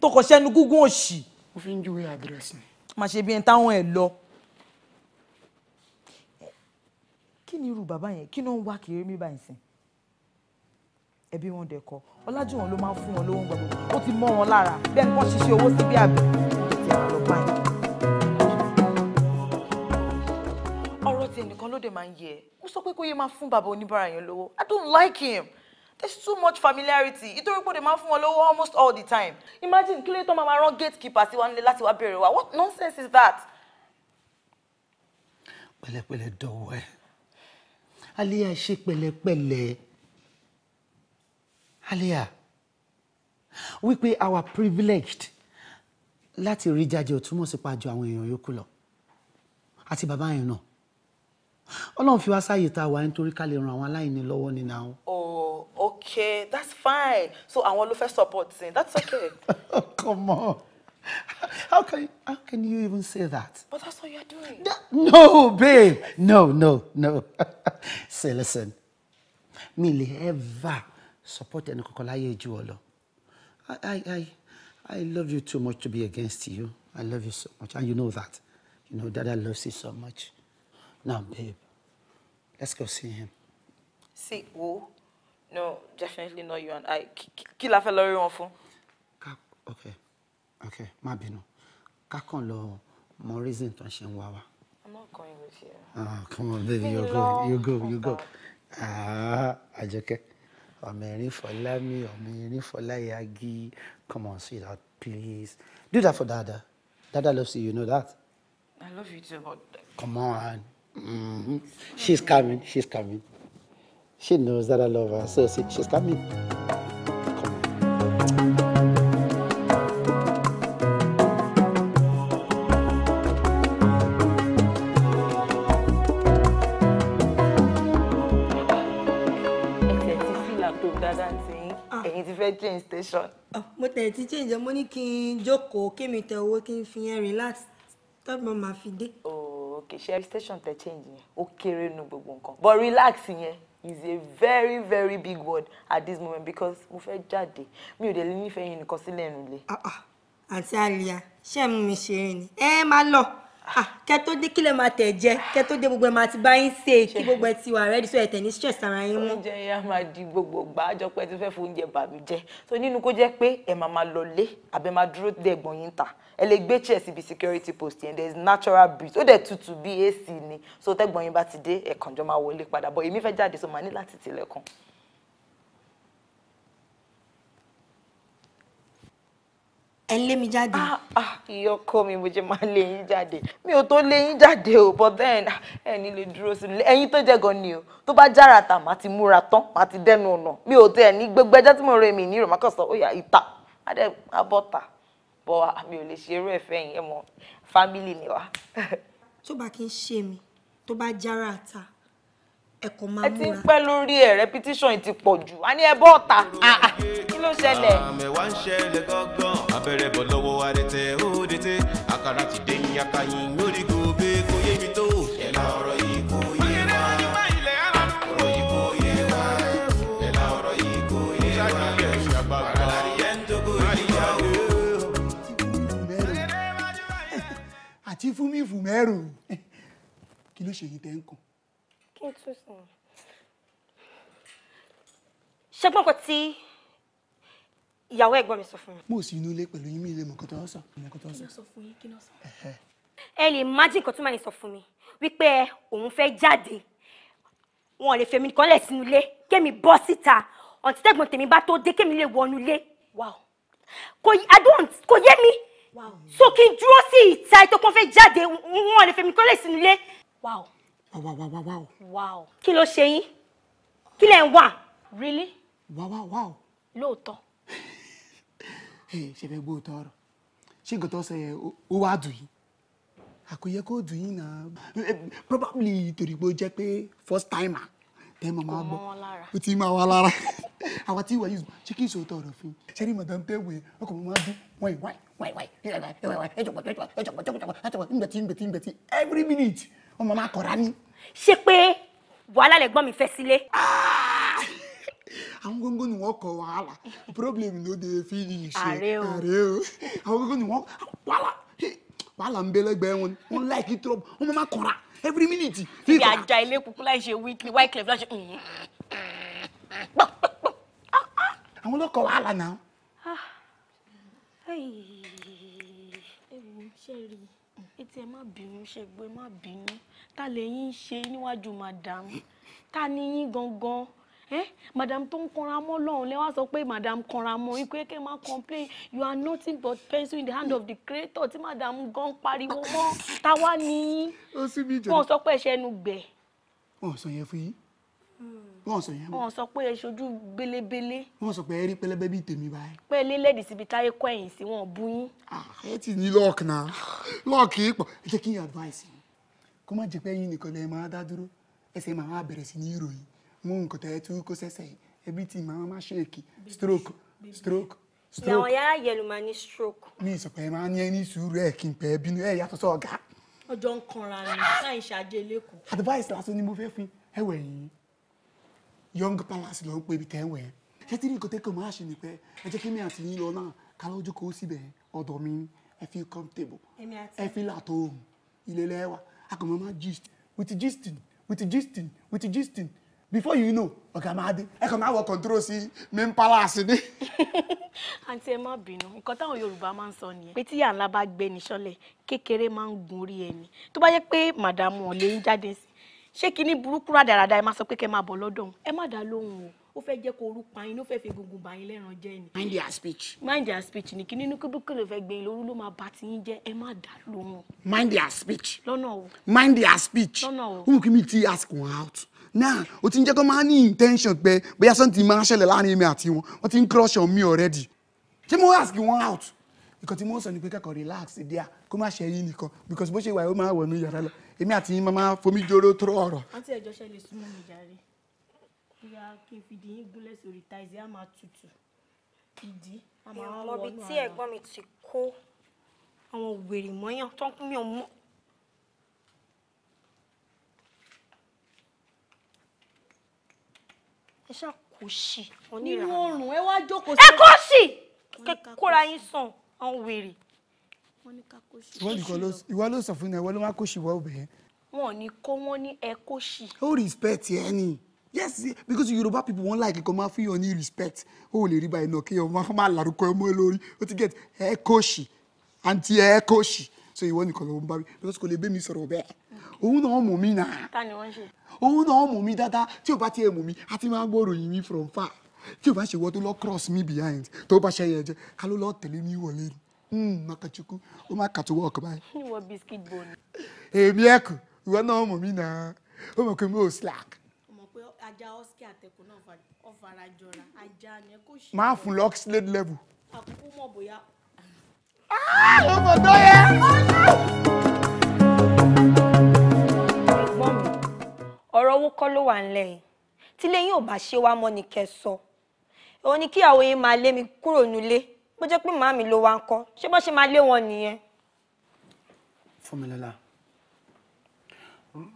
tó kọ̀ ṣẹ́nu gúngún òṣì. mo fi ń júwe àdírẹ́sì ni má ṣe bí ẹni táwọn ẹ̀ lọ. kí ni irú bàbá yẹn kí ló ń wá kiri mi báyìí sìn ẹbí wọn dẹ̀ kọ ọlájúwọn ló máa ń fún wọn lówó gbàgbọ́ ó ti mọ́ wọn lára bẹ́ẹ̀ ni wọ́n owó sí àbí ti àwọn lọ báyìí. ọ̀rọ̀ ti ẹnìkan ló máa ń yẹ ó sọ pé kó yẹ máa fún bàbá oníbàárà yẹn lówó I don't like him there's too much familiarity nítorí pé they máa ń fún wọn lówó almost all the time imagine kí lè tán máa rán gatekeeper sí wa nílé láti wá béèrè wa what nonsense is that. pẹ̀lẹ́pẹ̀lẹ́ dọwọ ẹ aliya ṣe pẹ̀lẹ́pẹ̀lẹ́ aliya wípé our privileged láti rí jáde ò túmọ̀ sí pàjọ àwọn èèyàn yòókù lọ àti bàbá yẹn náà ọlọ́run fi wá sáàyè tá a wà nítorí ká lè ran àwọn aláìní lọ́wọ́ nínú àwọn. Oh okay that's fine so àwọn ló fẹ́ support sin that's okay. come on how can how can you even say that. but that's what you are doing. no babe no no no say listen mi le ever support ẹni kankan láyé ju ọ i i i love you too much to be against you i love you so much and you know that you know dada loves you so much now babe let's go see him. see who? No, definitely not you and I. Kill a fellow lórí wọn fún? Okay, okay, má bínú. Ká kàn lọ mọ reason tó ń ṣe I'm not going with you. Ah, come on baby, you go, you go, you go. Ah, Àjọkẹ́, ọmọ erin fọlá mi, ọmọ erin fọlá yagi. Come on, sweetheart, please. Do that for Dada. Dada loves you, you know that. I love you too, but... Come on. Mm-hmm. She's coming, she's coming. She knows that I love her, so see, she's coming. change station. Ah, mo tẹ̀ ti change mo ní kí n jókòó kí mi tẹ owó kí n fi yẹn relax tọ́jú mo máa fi dé. Oh, okay. ṣe station tẹ change yẹn ó kéré nu gbogbo nǹkan but relax yẹn is a very very big word at this moment because mo fẹ́ jáde mi ò dẹ̀ lè nífẹ̀ẹ́ yín nìkan sílẹ̀ nulẹ̀. àǹtí àlìyá ṣé mi ṣe é ni ẹ máa lọ Ah, kẹ tó dé kílẹ̀ máa tẹ̀ jẹ kẹ tó dé gbogbo ẹ máa ti bá yín ṣe kí gbogbo ẹ ti wà rẹ́dí sọ ẹ̀tẹ̀ ní stress ara yín mú. oúnjẹ yẹn á máa di gbogbo ìgbà àjọ pé ti fẹ́ fún oúnjẹ bàbí jẹ so nínú kó jẹ́ pé ẹ máa máa lọ lé àbẹ máa dúró dẹ̀gbọ̀n yín ta ẹ lè gbé chair síbi security post yẹn there is natural breeze ó dẹ̀ tutù bí AC ni so tẹ́gbọ̀n yín bá ti dé ẹ̀kànjọ́ máa wọlé padà bọ̀ èmi fẹ́ jáde so màá ní láti tilẹ̀kùn. ẹ ń lé mi jáde. ìyọkọ ah, ah, mi mo jẹ máa lé yín jáde mi ò tó lé yín jáde o but then ah, ẹni lè dúró sí mi ẹyin tó jẹ gan ni o tó bá jára tà má ti múra tán má ti dẹnu ọ̀nà mi ò tẹ ní gbogbo ẹjọ́ tí mo rẹ mi ní ìrò mákàsán ó yà ìta adé abọ́ta bọ́ mi ò lè ṣe irú ẹ̀fẹ́ yẹn mọ́ fámìlì ni wa. tó bá kí n ṣe mi tó bá jára tà ẹ̀kọ́ máa múra. ẹ ti ń pẹ́ lórí ẹ̀ repetition ti pọ̀ jù a ní ẹ bọ́ ọ̀tà ah, ah. kí ló ṣẹlẹ̀. àmẹ̀wá ń ṣẹlẹ̀ gángan abẹ́rẹ́ bọ̀ lọ́wọ́ adẹ́tẹ̀ ó dẹ́tẹ̀ ti dé ní akayín lórí gòbè kò yé mi tó. ẹ̀la ọ̀rọ̀ yìí kò yé wa ọ̀rọ̀ yìí kò yé wa ẹ̀la ọ̀rọ̀ yìí kò yé wa àràlàrí ẹ̀ ń ìyàwó. àti fún mi fún kí ló ṣèyí tẹ́ ń kàn kí n tún sùn. ṣẹ́gbọ́n kan tí ìyàwó ẹ̀gbọ́n mi sọ fún mi. mo sì inú ilé pẹ̀lú yín mi ilé mọ̀kọ́tọ́ ọ̀sán. kí ló sọ fún yín kí ló sọ. ẹ lè májí nǹkan tó máa ń sọ fún mi wípé òun fẹ́ jáde wọn lè fẹ̀mí kan lẹ̀ sínú ilé kémi bọ́ síta ọ̀n tí tẹ́gbọ̀n tèmi bá tó dé kémi lè wọnú ilé kò yé mi so kí n dúró sí ìta ètò kan fẹ́ jáde wọn lè fẹ̀mí kan lẹ̀ sínú ilé. Wow. Wow! Wow! Wow! Wow! o. wow kí ló ṣe yín kí lẹ̀ ń wà. really. wá wá wá o. lóòótọ́. ṣe fẹ́ gbọ́ òótọ́ ọ̀rọ̀ ṣé nǹkan tó ṣe ó wá dùn yín àkóyẹ kó dùn yín náà probably torí pé ó jẹ́ pé first timer tẹ́ mọ̀ máa gbọ́ ó ti máa wá lára àwọn tí ìwà yìí ṣé kí ìṣòro tọrọ fún ṣé ní madam tẹ́wé ọkọ̀ mọ́ máa dún wáì wáì wáì wáì ẹjọ̀gbọ̀n ẹjọ̀gbọ̀n ẹjọ̀gbọ̀n ẹjọ̀gbọ̀n ẹjọ̀gbọ̀n ẹjọ̀gbọ̀n ẹjọ̀gbọ̀n ẹjọ̀gbọ̀n ẹjọ̀gbọ̀n every minute ọmọ máa kọ̀ra ní. ṣé pé wàhálà lẹ́gbọ́n mi fẹ́ sílé. àwọn gógó ni wọ́n kọ wàhálà problem no dey finish. ààrẹ o ààrẹ o àwọn gógó ni wọ́n wàhálà wàhálà ń bẹ lẹ́gbẹ̀ẹ́ wọn wọn láìkí trump wọn máa kọ̀ra every minute. ti àjà ilé kúkú láì ṣe weekly white clef láì ṣe mm-hmm. àwọn ló kọ wàhálà náà. Ah, ẹ wo ṣe rí i ètí ẹ má bínú ṣègbè má bínú ta lẹ́yìn ṣe níwájú madam ta ni yín gangan eh? madam tó ń kanra mọ́ lọ́hùn lẹ́wà sọ pé madam kanra mọ́ ikú ẹ̀kẹ́ má complain you are nothing but pencil in the hand of the creator tí madam gan pariwo mọ́ ta wá ní yín wọ́n sọ pé ẹ̀ṣẹ̀ ẹnu gbẹ̀. wọn sọ yẹn fún yín wọ́n sọ yẹn mọ́. wọ́n sọ pé ṣojú belebele. wọ́n sọ pé ẹ rí pẹlẹbẹ bíi tèmi báyìí. pé lélẹ́dì síbi táyé kọ́ ẹ̀yìn sí wọn bú yín. Ah, ẹ ti ní lọ́ọ̀kì náà lọ́ọ̀kì pọ̀ ẹ jẹ́ kí n yàn advice yín kó má jẹ́ pé ẹ̀yin nìkan lẹ́ẹ̀ máa dá dúró ẹsẹ̀ máa wá bẹ̀rẹ̀ sí ní ìròyìn mú nǹkan tẹ̀ ẹ́ tú kó sẹ́sẹ̀ ẹbí ti máa má ṣe stroke stroke stroke. làwọn yàrá yẹlu máa ní stroke. mi ìsọ̀pọ̀ ẹ máa ní ẹ ní sùúrù ẹ kí n pẹ́ bínú ẹ yàtọ̀ sọ ọ̀gá. advice lásán ni mo fẹ́ fún ẹ wẹ̀ yín young palace ló ń pè ibi tẹ́wọ̀ yẹn ṣé tí nǹkan tẹ́kọ̀ máa ṣe ni pé ẹ jẹ́ kí mi àti yín lọ náà ká lọ́jọ́ kó síbẹ̀ ọ̀dọ̀ mi ẹ fi comfortable ẹ fi làtọ̀ òun ilé lẹ́wà akọ̀mọ́ máa gist with gisting with gisting with gisting before you know ọ̀gá máa dé ẹ kàn máa wọ control sí main palace ni. àǹtí ẹ má bínú nǹkan táwọn yorùbá máa ń sọ nìyẹn pé tíyà ńlá bá gbé ní sọ́lẹ̀ kékeré máa ń gun orí ẹni tó bá yẹ pé màdàmú ọ̀lẹ́yìn jáde sí ṣé kinní burúkú rádaràda ẹ máa sọ pé kẹ́ máa bọ̀ lọ́dọ̀ ẹ má dá lóhùn o ó fẹ́ jẹ́ kó orú pa ló fẹ́ fi egungun bá yín lẹ́ran jẹ́ ni. mind your speech. mind your speech ni kinní inú kíbíkì ló fẹ́ gbé yín lórí ló máa bá ti yín jẹ́ ẹ má dá lóhùn. mind their speech. lọ́nà o. mind their speech. lọ́nà o. wọ́n kì í mi ask wọn out náà o ti ń jẹ́ kó máa ní intention pé bóyá something máa ṣẹlẹ̀ láàrin mi àti wọn wọ́n ti ń crush on me already ṣé mo ask wọn out nǹkan tí mo sọ ni pé kẹ́kọ̀ọ́ relax díà kó má ṣe yín nìkan because bó ṣe wà ó máa wọnú yàrá lọ èmi àti yín máa fomi joro tóró ọ̀rọ̀. àǹtí ẹ̀jọ́ ṣe lè súnmọ́ mi jàre bóyá kí n fìdí yín gúnlẹ̀ sórí táìsì á máa tutù ìdí á máa wọ́n wọ́n náà. ìmọ̀bi tí ẹ̀gbọ́n mi ti kó àwọn wèrè mọ́yàn tó ń kún mi ọmọ. ẹ ṣáà kò sí onírànà. nínú oòrùn ẹ wá jókòó sí. ẹ kò sí kóra yín sàn àwọn wèrè wọ́n ní ká kó sí. ìwọ ló sọ fún mi ìwọ ló má kó sí ìwọ obìnrin. wọn ò ní kó wọn ní ẹ kó sí. ó respect ẹ ni yes because Yoruba people wọn like nǹkan máa fi hàn ní respect ó lè rí báyìí náà kí ọmọ máa lárúkọ ọmọ lórí ó ti get ẹ kó sí àǹtí ẹ kó sí so ìwọ nìkan ló ń bá mi because kò lè bẹ́ mi sọ̀rọ̀ bẹ́ẹ̀ òun náà mú mi náà òun náà mú mi dáadáa tí o bá tiẹ̀ mú mi a ti máa gbọ́ròyìn mi from far tí o bá ṣe wọ́n tó lọ cross me behind tó bá ṣe yẹn jẹ ká ló lọ tẹ̀lé mi wọlé ni Nakachukwu hmm, ó máa kàtó wọ́ọ̀kì báyìí. ìwọ biscuit bone. èmi ẹkùn ìwọ náà mọ̀ mí náà ó mọ̀ pé mi ò slack. ọmọ pé ajá ọ́sìkì àtẹ̀kùn náà ọ̀fara jọra ajá ni kò ṣe. máa fún lọ slade level. àkókò mọ̀ bóyá. ọmọ ah, tó ló wà ńlẹ̀ yìí ò bá ṣe wá mọ́ ni kẹ́ òun ni kíyàwó yín máa lé mi kúrò nílé bó jẹ́ pé màmí ló wá ń kọ́ ṣé bó ṣe máa lé wọn nìyẹn. Fúnmilọ́lá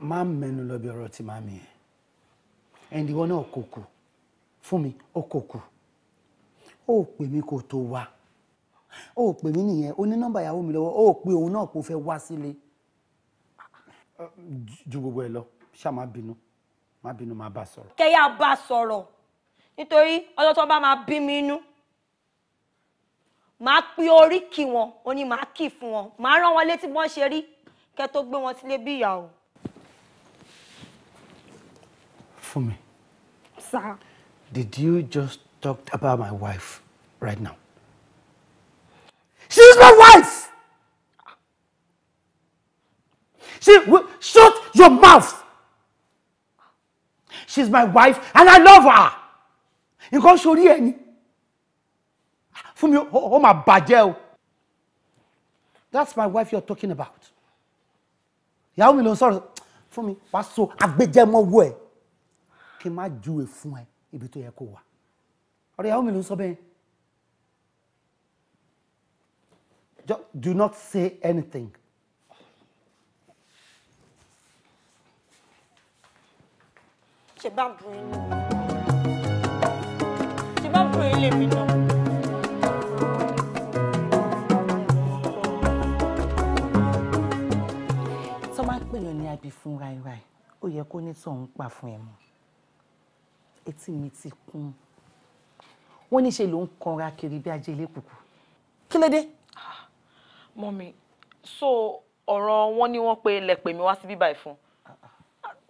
má mẹ́nu lọ bí ọ̀rọ̀ ti màmí yẹn ẹni wọn náà kò kù fún mi ó kò kù ó pè mí kó tó wá ó pè mí nìyẹn ó ní nọ́mbà ìyàwó mi lọ́wọ́ ó pè òun náà kó fẹ́ wá sílé ju gbogbo ẹ lọ ṣá má bínú má bínú má bá sọ̀rọ̀. kẹ́yà bá sọ̀rọ̀ nítorí ọjọ́ bá máa bí mi inú máa pe oríkì wọn ó ní máa kì fún wọn máa rán wọn létí bọ́n ṣe rí kẹ́ tó gbé wọn sílé bí ìyá o. Fúnmi. Sir. Did you just talk about my wife right now? She is my wife! She will shut your mouth! She is my wife and I love her! Nǹkan ṣorí ẹni fún mi ó máa bàjẹ́ o that's my wife you're talking about ìyàwó mi ló ń sọ̀rọ̀ fún mi wàá so agbẹjẹmọ́wọ́ ẹ̀ kí n má júwe fún ẹ ibi tó yẹ kó wà ọ̀rọ̀ ìyàwó mi ló ń sọ bẹ́ẹ̀ do not say anything. ṣe bá bu ilé ṣe bá mi náà. pẹ̀lú ní abi fún ráírá ẹ̀ ó yẹ kó ní tọ̀hún pa fún ẹ̀ mọ́ etí mi ti kún wọ́n ní ṣe ló ń kanra kiri bí ajé ilé kùkù kí ló dé. mọ́mi so ọ̀rọ̀ wọn ni wọ́n pe lẹ́pẹ̀ mi wá sí bíbá ìfún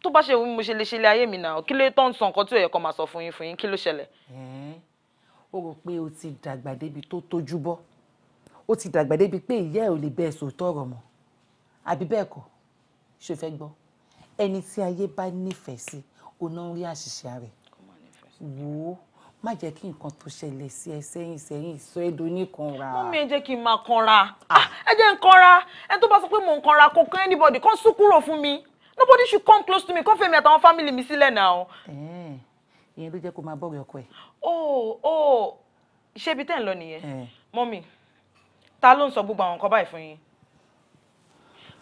tó bá ṣe wí mo ṣe lè ṣe ilé ayé mi náà kí ló tó ń sọ nǹkan tí ò yẹ kó máa sọ fún yín fún yín kí ló ṣẹlẹ̀. ó rò pé o ti dàgbà débi tó tójú bọ́ ó ti dàgbà débi pé ìyá ẹ̀ ò lè bẹ́ẹ̀ sòótọ́ ọ̀rọ̀ mọ́ àbí bẹ́ẹ̀ kọ́ ṣe fẹ́ gbọ́ ẹni tí ayé bá nífẹ̀ẹ́ sí oná ń rí àṣìṣe rẹ̀ wò ó má jẹ́ kí nǹkan tó ṣẹlẹ̀ sí ẹ sẹ́yìn sẹ́yìn sọ ẹ́ do ní kanra. mú mi jẹ́ kí n máa kanra ah, ẹ jẹ́ n kanra ẹni tó bá sọ pé mò ń kanra kò kan anybody kan sún kúrò fún mi nobody should come close to me kó fèmí àtàwọn family mi sílẹ̀ náà. ìyẹn ló jẹ́ kó máa bọ̀rẹ̀ ọkọ ẹ̀. ó ó ṣé ibi tẹ́ ń lọ nìyẹn mọ́mì ta ló ń sọ gbogbo àwọn nǹkan báyìí fún yín.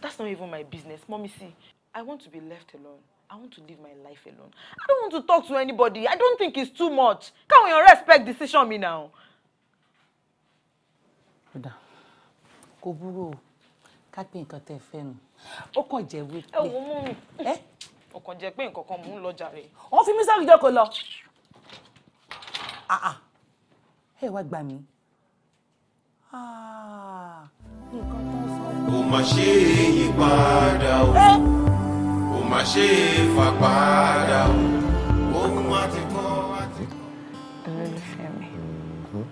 That's not even my business. Mommy, see, I want to be left alone. I want to live my life alone. I don't want to talk to anybody. I don't think it's too much. Can we respect decision me now? Ọ̀dà, kò burú o, ká pé nǹkan tẹ́ fẹ́ nu. Ó kàn jẹ́ wípé. Ẹ wo mú mi. Ẹ́. Ó kàn jẹ́ Ah. nǹkan kan mò ń lọ jàre. Wọ́n fi ó mà ṣe é yí padà o ó mà ṣe é fà padà o ohun àti kọ́ àti kọ́. olólùfẹ́ mi mhm.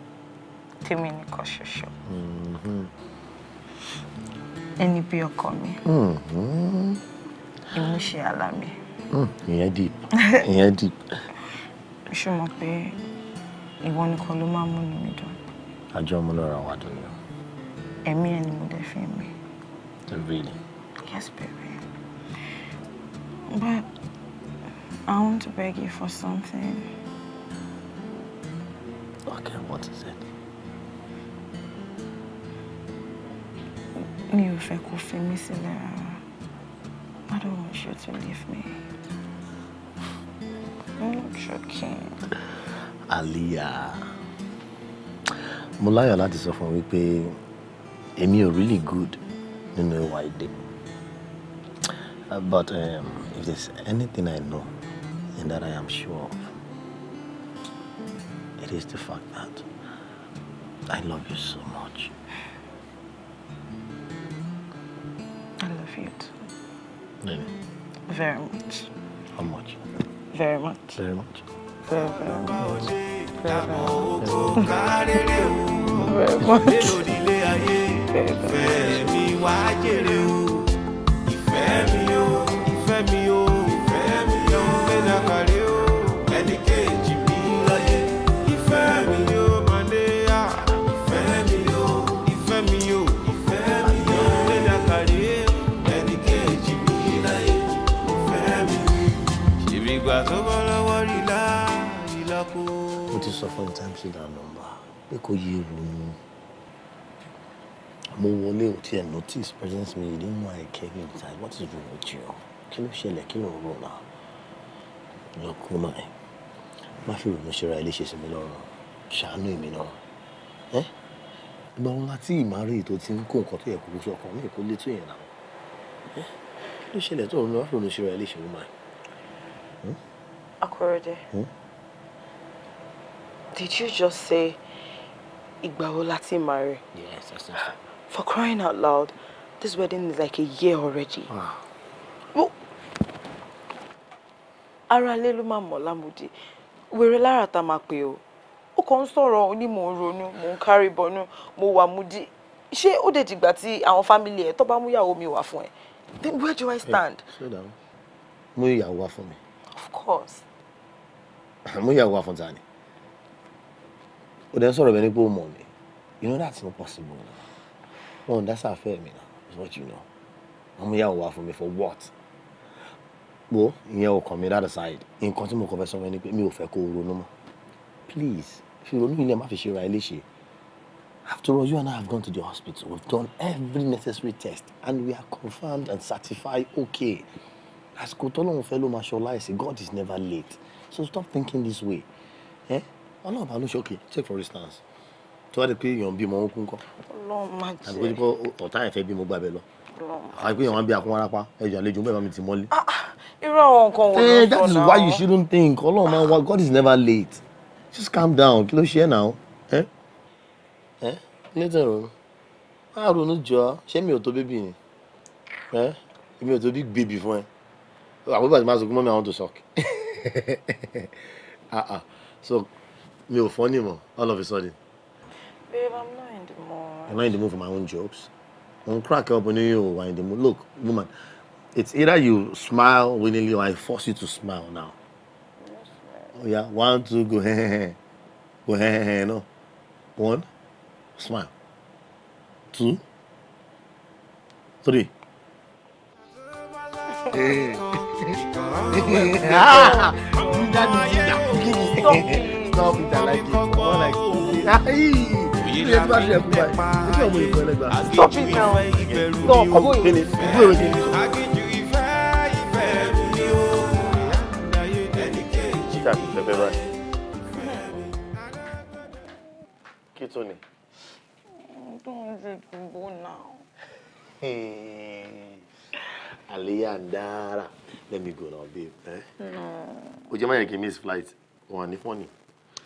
tèmi nìkan ṣoṣo mhm. ẹni bí ọkọ mi mhm. ìmúṣẹ àlá mi. Hmm, ìyẹn deep ìyẹn deep. ṣé mo pé ìwọ nìkan ló máa ń múnú mi dùn. àjọ ọmọlọ́ra wa dùn ni. ẹ̀mí ẹ̀ ni mo dẹ̀ fi ń mi. Really? Yes, baby. But I want to beg you for something. Okay, what is it? Mi ò fẹ́ kó fi mí I don't want you to leave me. I'm not joking. Aliyah. Mo láyọ̀ láti sọ fún wípé èmi really good You know why they. Uh, but um, if there's anything I know and that I am sure of, it is the fact that I love you so much. I love you too. Really? Very much. How much? Very much. Very much. Very, very much. Very, very much. very much. ìfẹ́ gan. ìfẹ́ mi wá jèrè o ìfẹ́ mi o ìfẹ́ mi o ìfẹ́ mi o lẹ́nà kàrí o ẹnì kejì mi láyé ìfẹ́ mi o màdéyà ìfẹ́ mi o ìfẹ́ mi o ìfẹ́ mi o lẹ́nà kàrí ẹnì kejì mi láyé ìfẹ́ mi o ṣèbígbà tó bọ́ lọ́wọ́ rí láàyè lọ́kọ́. mo ti sọ fún times that number pé kò yé ronú mo wọlé ò tiẹ̀ notice presence mi you didn't know I came what is wrong with you kí ló ṣẹlẹ̀ kí ló ń rò náà lọ kú náà ẹ̀ má fi ìrònú ṣe ra ilé ṣe sí mi lọ́rùn ṣàánú èmi náà ẹ́ ìgbà láti ìmárè tó ti ń kó nǹkan tó yẹ kó lóṣù ọkàn mi kó lé tó yẹn náà ẹ́ ló ṣẹlẹ̀ tó ń ìrònú ṣe ra ilé ṣe wọ́n máa. Hmm? Akorede, hmm? did you just say ìgbà wo láti ìmárè? Yes, yes, yes. For crying out loud, this wedding is like a year already. Ah. Well, ara lé ló máa mọ̀ lámòdì wèrè lára ta máa pè ó ó kàn ń sọ̀rọ̀ ó ní mò ń ronú mò mo wà múdí ṣé ó dé dìgbà tí àwọn fámìlì ẹ̀ then where do I stand. slow down mú ìyàwó wá fún of course. mú ìyàwó wá fún ta ni ó dẹ̀ ń sọ̀rọ̀ you know that's not possible wọn oh, that's dá sáfẹ́ mi náà is what you know I'm here to work for me for what wo ìyẹn ò kàn mí that aside In continue mo kàn fẹ́ sọ wọn ni pé mi ò fẹ́ kó please if you don't má fi ṣe ra ilé after all you and I have gone to the hospital We've done every necessary test and we are confirmed and certified okay As tọ́lọ́run fẹ́ ló máa ṣọlá God is never late so stop thinking this way eh? ọlọ́ọ̀bá ló ṣe okay take for instance tó wá di pé èèyàn bímọ òun kún kọ́ àbí kó dípò ọ̀tá ẹ̀fẹ́ bímọ gbàbẹ lọ àbí pé èèyàn wá bí akún wárápá ẹ̀jọ̀ àlejò ń bẹ̀ mi ti mọ́lé. Ah, ah, irú àwọn nǹkan wo eh, ló ń sọ náà. that is why you shouldn't think ọlọ́run máa wá God is never late just calm down kí ló ṣe é náà ẹ ẹ nítorí ronú máa ronú jọ ṣé mi ò tó bébì ni ẹ èmi ò tó bí bébì fún ẹ àwọn bàtí máa sọ pé ah, so mi ò fọ́ ni mọ̀ all of a sudden I'm not in the mood. Am I in the mood for my own jokes? On crack up on you are in the mood. Look, woman, it's either you smile willingly or I force you to smile now. Yes, oh yeah, one, two, go hey, hey, hey. Go hey, hey, hey, no. One, smile. Two, three. Hey. Stop it, I like it. I like it ilé stop it now no ọmọ ìkíni ìdúró rẹ kìíní. kí tó ni. don't let me go now. Aliya Dara, let me go now, babe. Eh? No. Ojema yẹ kí miss flight. Wọ́n ní fọ́ọ̀nì.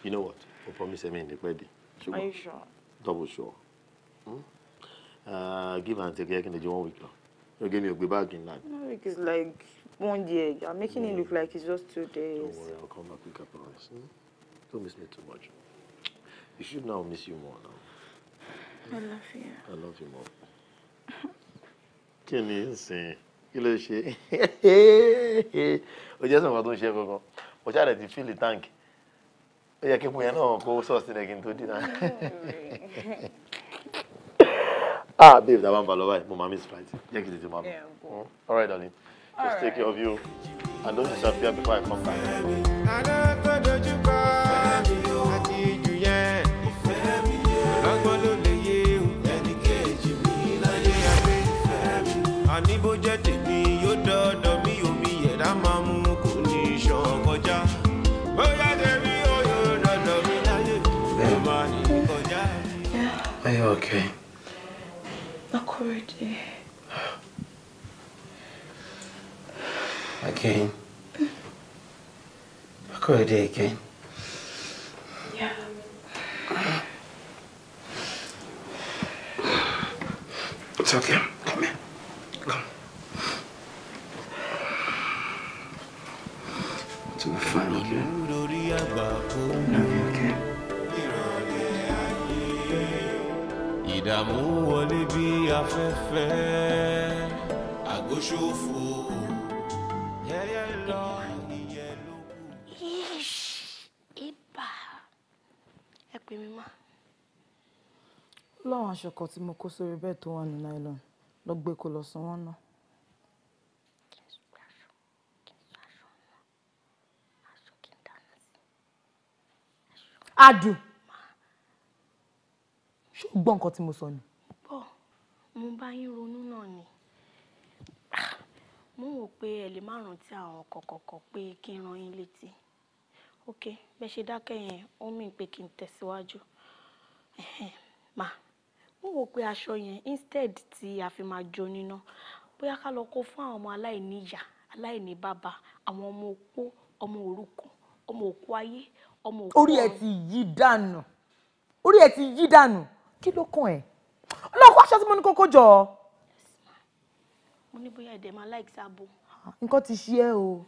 You know what? O promise me in the wedding. Sugar. Are you sure? Double sure. Hmm? Uh, give and take, I can do one week now. You gave me a good bag in that. One week is like one day. You're making mm. it look hmm. like it's just two days. Don't worry, I'll come back quick, I promise. Hmm? Don't miss me too much. You should now miss you more now. I love you. I love you more. Kí ni ń sìn? Kí ló ṣe? O jẹ́ sọ̀rọ̀ tó ń ṣe kankan. O ṣáà rẹ̀ ti fíìlì táǹkì yẹ kí punyẹ náà kó sọ́ọ̀sì rẹ̀ kí n tó dì ah babe that one balọ̀ báyìí mo máa miss flight jẹ́ kí n tètè máa bọ̀ all right darling just right. take care of you and don't disappear before I come back. you okay? Makurudi. Again? Makurudi again? Yeah. It's okay. afẹ́fẹ́ àgóṣòfò yẹ́yẹ́ lọ ìyẹn ló kù. ibà ẹ pè mí mọ́. láwọn aṣọ kan tí mo kó sórí bẹ́ẹ̀ tó wà ní nylon lọ gbé kó lọ san wọ́n náà. adùn ṣùgbọ́n nǹkan tí mo sọ ni mo bá yín ronú náà ni. Mo wò pé ẹ lè má rántí àwọn nǹkan kọ̀ọ̀kan pé kí n rán yín létí. Ok, bẹ́ẹ̀ ṣe dákẹ́ yẹn, ó mean pé kí n tẹ̀síwájú. má. Mo wò pé aṣọ yẹn instead tí a fi máa jó níná, bóyá ká lọ kó fún àwọn ọmọ aláìní ìyá, aláìní bàbá, àwọn ọmọ opó, ọmọ òrukàn, ọmọ òkú ayé, ọmọ òkú ọ̀run. Orí ẹ ti yí dànù. Orí ẹ ti yí dànù. Kí ló kàn ẹ́? lọ kó aṣọ tí mo ní kókó jọ. mo ní bóyá ẹ̀dẹ̀ máa láì sábò. Ah, nǹkan ti ṣe é o.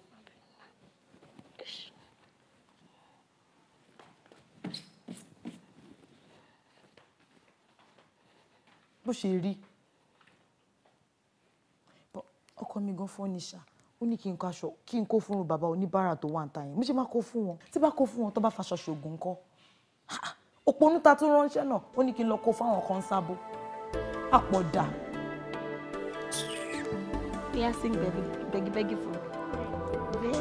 bó ṣe rí ọkọ mi gan fọ́ni ṣá ó ní kí n kaṣọ kí n kó fún un bàbá oníbàárà tó wà ń yẹn mo ṣe máa kó fún wọn tí bá kó fún wọn tó bá faṣọ ṣògùn ńkọ́ òpó onúta tó náà ó ní kí n lọ kó fáwọn kan ń sábò àpọ̀dà. May I sing Beggy Beggy Beggy for you? Beggy Beggy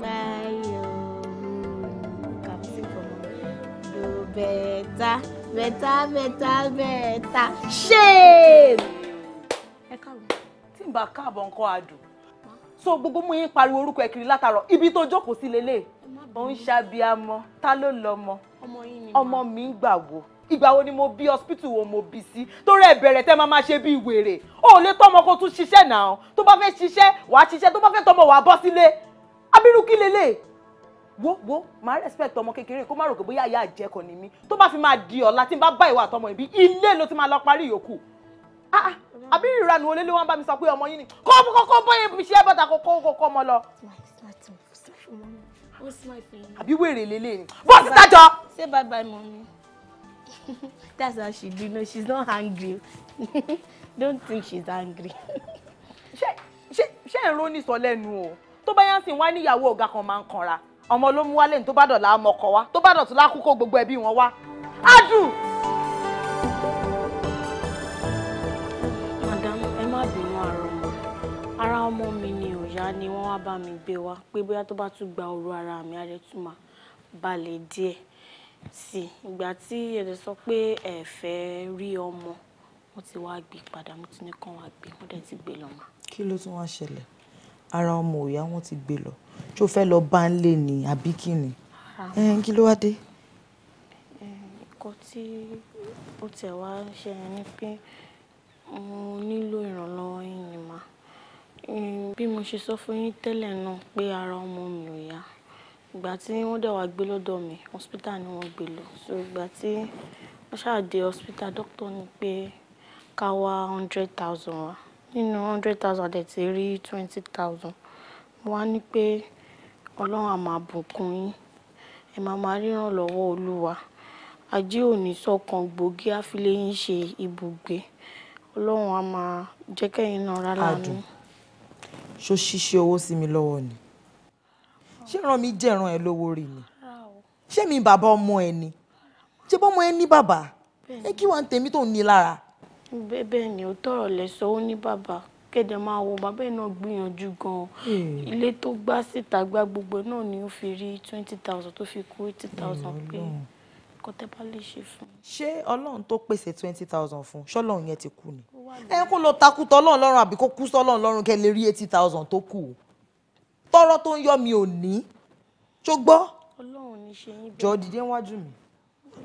by your better, better, better, better. Shame! Ẹ káàbọ̀. Tí n bá káàbọ̀ nǹkan àdùn. So gbogbo mú yín pariwo orúkọ ẹ kiri látàárọ̀ ibi tó jókòó sí lélẹ̀. Ó ń ṣàbíamọ, ta ló lọ́mọ? ọmọ mi gbà wo ìgbà wo ni mo bí hospital wo mo bí sí torí ẹ bẹ̀rẹ̀ tẹ́ máa máa ṣe bí wèrè o ò lè tọ́mọ kó tún ṣiṣẹ́ náà tó bá fẹ́ ṣiṣẹ́ wàá ṣiṣẹ́ tó bá fẹ́ tọ́mọ wàá bọ́ sílé abirú kí lélẹ̀ wo wo màá respect ọmọ kékeré kó má rò pé bóyá ìyá àjẹkọ ni mí tó bá fi máa di ọ̀la tí n bá bá ìwà àtọmọ ìbí ilé ló ti máa lọ parí ìyókù àbí ah, ah, ìranu olé ló wá ń bá mi sọ pé ọmọ yín ni kó kó kó bóyá ibi iṣẹ́ bọ́ta kó kó kó ọmọ lọ àbí wèrè lélẹ̀ ni bọ́ sí tájọ. say bye bye mommy that's how she do no she's not angry don't think she's angry. ṣé ṣé ṣé ẹ̀rọ ní sọ lẹ́nu o tó bá yàn sí wá níyàwó ọ̀gá kan máa ń kanra ọmọ ló mú wálé ní tó bá dọ̀la ọmọ ọkọ wa tó bá dọ̀tún lákòókò gbogbo ẹbí wọn wá. adùn. madam ẹ má bínú ara ọmọ ara ọmọ mi yá ni wọ́n wá bá mi gbé wá pé bóyá tó bá tún gba òru ara mi á rẹ̀ tún máa balẹ̀ díẹ̀ sí ìgbà tí ẹ̀dẹ̀ sọ pé ẹ rí ọmọ mo ti wá gbé padà mo ti ní kàn wá gbé mo dẹ̀ ti gbé lọ mọ́. kí ló tún wá ṣẹlẹ̀ ara ọmọ òyà wọn ti gbé lọ tó fẹ́ lọ bá ń lè ní àbí kí ni kí ló wá dé. nǹkan tí ó tẹ̀ wá ṣe ni pé mo nílò ìrànlọ́wọ́ yín ni màá. Mm, bí mo ṣe sọ fún yín tẹ́lẹ̀ náà pé ara ọmọ mi ò yá. Ìgbà tí wọ́n dẹ̀ wá gbé lọ́dọ̀ mi, hospital ni wọ́n gbé lọ. So ìgbà tí wọ́n ṣá dé hospital, doctor ní pé ká wá hundred thousand wá. Nínú hundred thousand, a dẹ̀ ti rí twenty thousand. Mo wá ní pé Ọlọ́run á máa bùkún yín, ẹ máa máa ríran lọ́wọ́ Olúwa. Ajé ò ní sọ́kàn gbòógì á fi lé yín ṣe ibùgbé. Ọlọ́run á máa náà rálá nú ṣó ṣíṣe owó sí mi lọ́wọ́ ni ṣé ràn mí jẹ́ ràn ẹ́ lówó rí ni ṣé mi bàbá ọmọ ẹ ni ṣé bọ́mọ ẹ ní bàbá ẹ kí wàá tèmi tó ní lára. bẹ́ẹ̀ ni ó tọrọ lẹ́sọ ó ní bàbá kẹ́dẹ̀ máa wo bàbá ẹ̀ náà gbìyànjú gan-an ilé tó gbá síta gbá gbogbo náà ni ó fi rí twenty thousand tó fi kú eighty thousand pé nǹkan tẹ́ bá lè ṣe fún ṣé ọlọ́run tó pèsè twenty thousand fún ṣọ́lọ́run yẹn ti kú ni ẹ kó lọ takú tọ́lọ́run lọ́rùn àbí kó kú sọ́lọ́run lọ́rùn kẹ́ lè rí eighty thousand tó kù tọrọ tó ń yọ mi ò ní tó gbọ́ jọ dìde wájú mi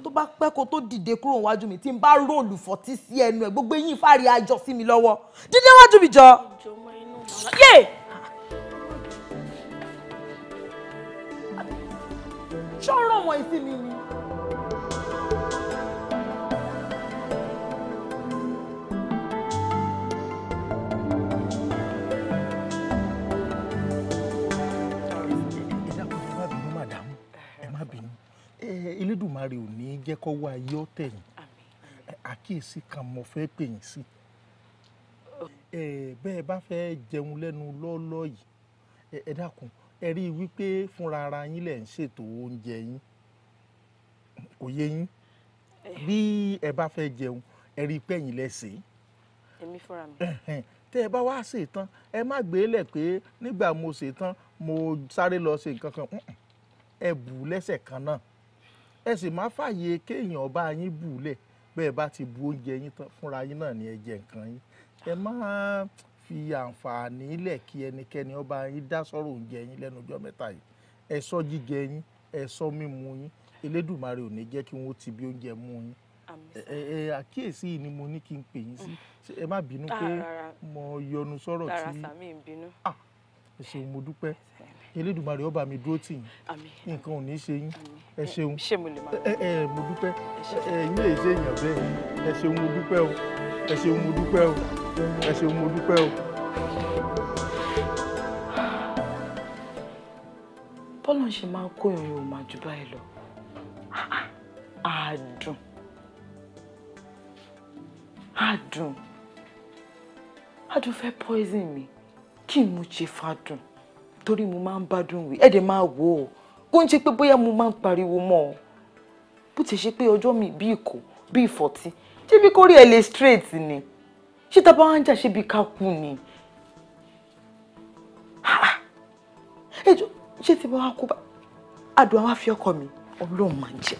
tó bá pẹ́ kó tó dìde kúrò wájú mi tí n bá róòlù fọ̀tí sí ẹnu ẹ̀ gbogbo eyín fàárì ajọ sí mi lọ́wọ́ dìde wájú mi jọ. yé. wọ̀nyí sí mi ni. elédùnmarè ò ní jẹ́ kó wá ayé ọ̀tẹ̀ yìí àkíyèsí kan mo fẹ́ pè yín sí bẹ́ẹ̀ bá fẹ́ jẹun lẹ́nu lọ́ọ́lọ́ yìí ẹ dákun ẹ rí i wípé fúnra ara yín lẹ̀ ń ṣètò oúnjẹ yín kò yé yín bí ẹ bá fẹ́ jẹun ẹ rí i pẹ́yìn lẹ́sẹ̀. èmi fúnra mi. tẹ ẹ bá wá ṣètàn ẹ má gbélé e pé nígbà mo ṣètàn mo sáré lọ ṣe nǹkan kan ẹ bù ú kan náà ẹ sì má fàyè kéèyàn bá yín bù lẹ̀ bẹ́ẹ̀ bá ti bu oúnjẹ yín tán fúnra yín náà ni ẹ jẹ nǹkan yín ẹ má fi àǹfààní lẹ̀ kí ẹnikẹ́ni ọba yín dá sọ́rọ̀ oúnjẹ yín lẹ́nu ọjọ́ mẹ́ta yìí ẹ jíjẹ yín ẹ mímu yín elédùnmarè ò ní jẹ́ kí wọ́n ti bí oúnjẹ mú yín ẹ àkíyèsí yìí ni mo ní kí n pè yín sí mm. ẹ má bínú pé ah, mo yọnu sọ̀rọ̀ tí ah, ẹ ṣeun mo dúpẹ́ elédùmarè ọba mi dúró tì yín nǹkan ò ní ṣe yín ẹ ṣeun ẹ ẹ mo dúpẹ́ ẹ yín lè ṣe èèyàn bẹ́ẹ̀ ẹ ṣeun mo dúpẹ́ o ẹ ṣeun mo dúpẹ́ o ẹ ṣeun mo dúpẹ́ o. bọ́lá ń ṣe máa ń kó ìrìn òun máa jù báyìí lọ àádùn àádùn àádùn fẹ́ poison mi kí n mú ṣe fàdùn torí mo máa ń bádùn wí ẹ̀dẹ̀ máa wò ó kó ń ṣe pé bóyá mo máa ń pariwo mọ́ ọ bó ti ṣe pé ọjọ́ mi bí ìkó bí ìfọ̀tí ṣé bí kórè ẹ̀ lè straight ni ṣé tá a bá wá ń jà ṣé bí ká kú ni ẹjọ́ ṣé tí bá wá kú bá àdùn àwa fi ọkọ mi ọlọ́run máa jẹ́.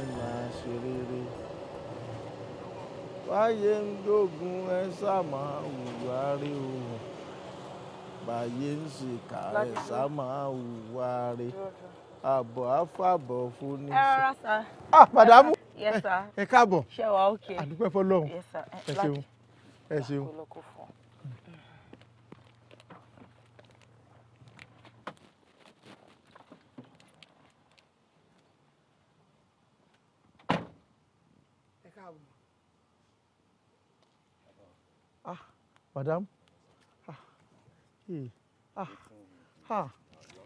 báyé ń dógun ẹ sàmà hùwà rẹ o báyé ń ṣèkà ẹ sàmà hùwà rẹ àbọ̀ àfàbọ̀ fún ní. ẹ rárá sá. ah madamu ẹ káàbọ̀ ṣe wà àdúpẹ́ fọlọ́run ẹ ṣeun ẹ ṣeun. madam ara ah, ah,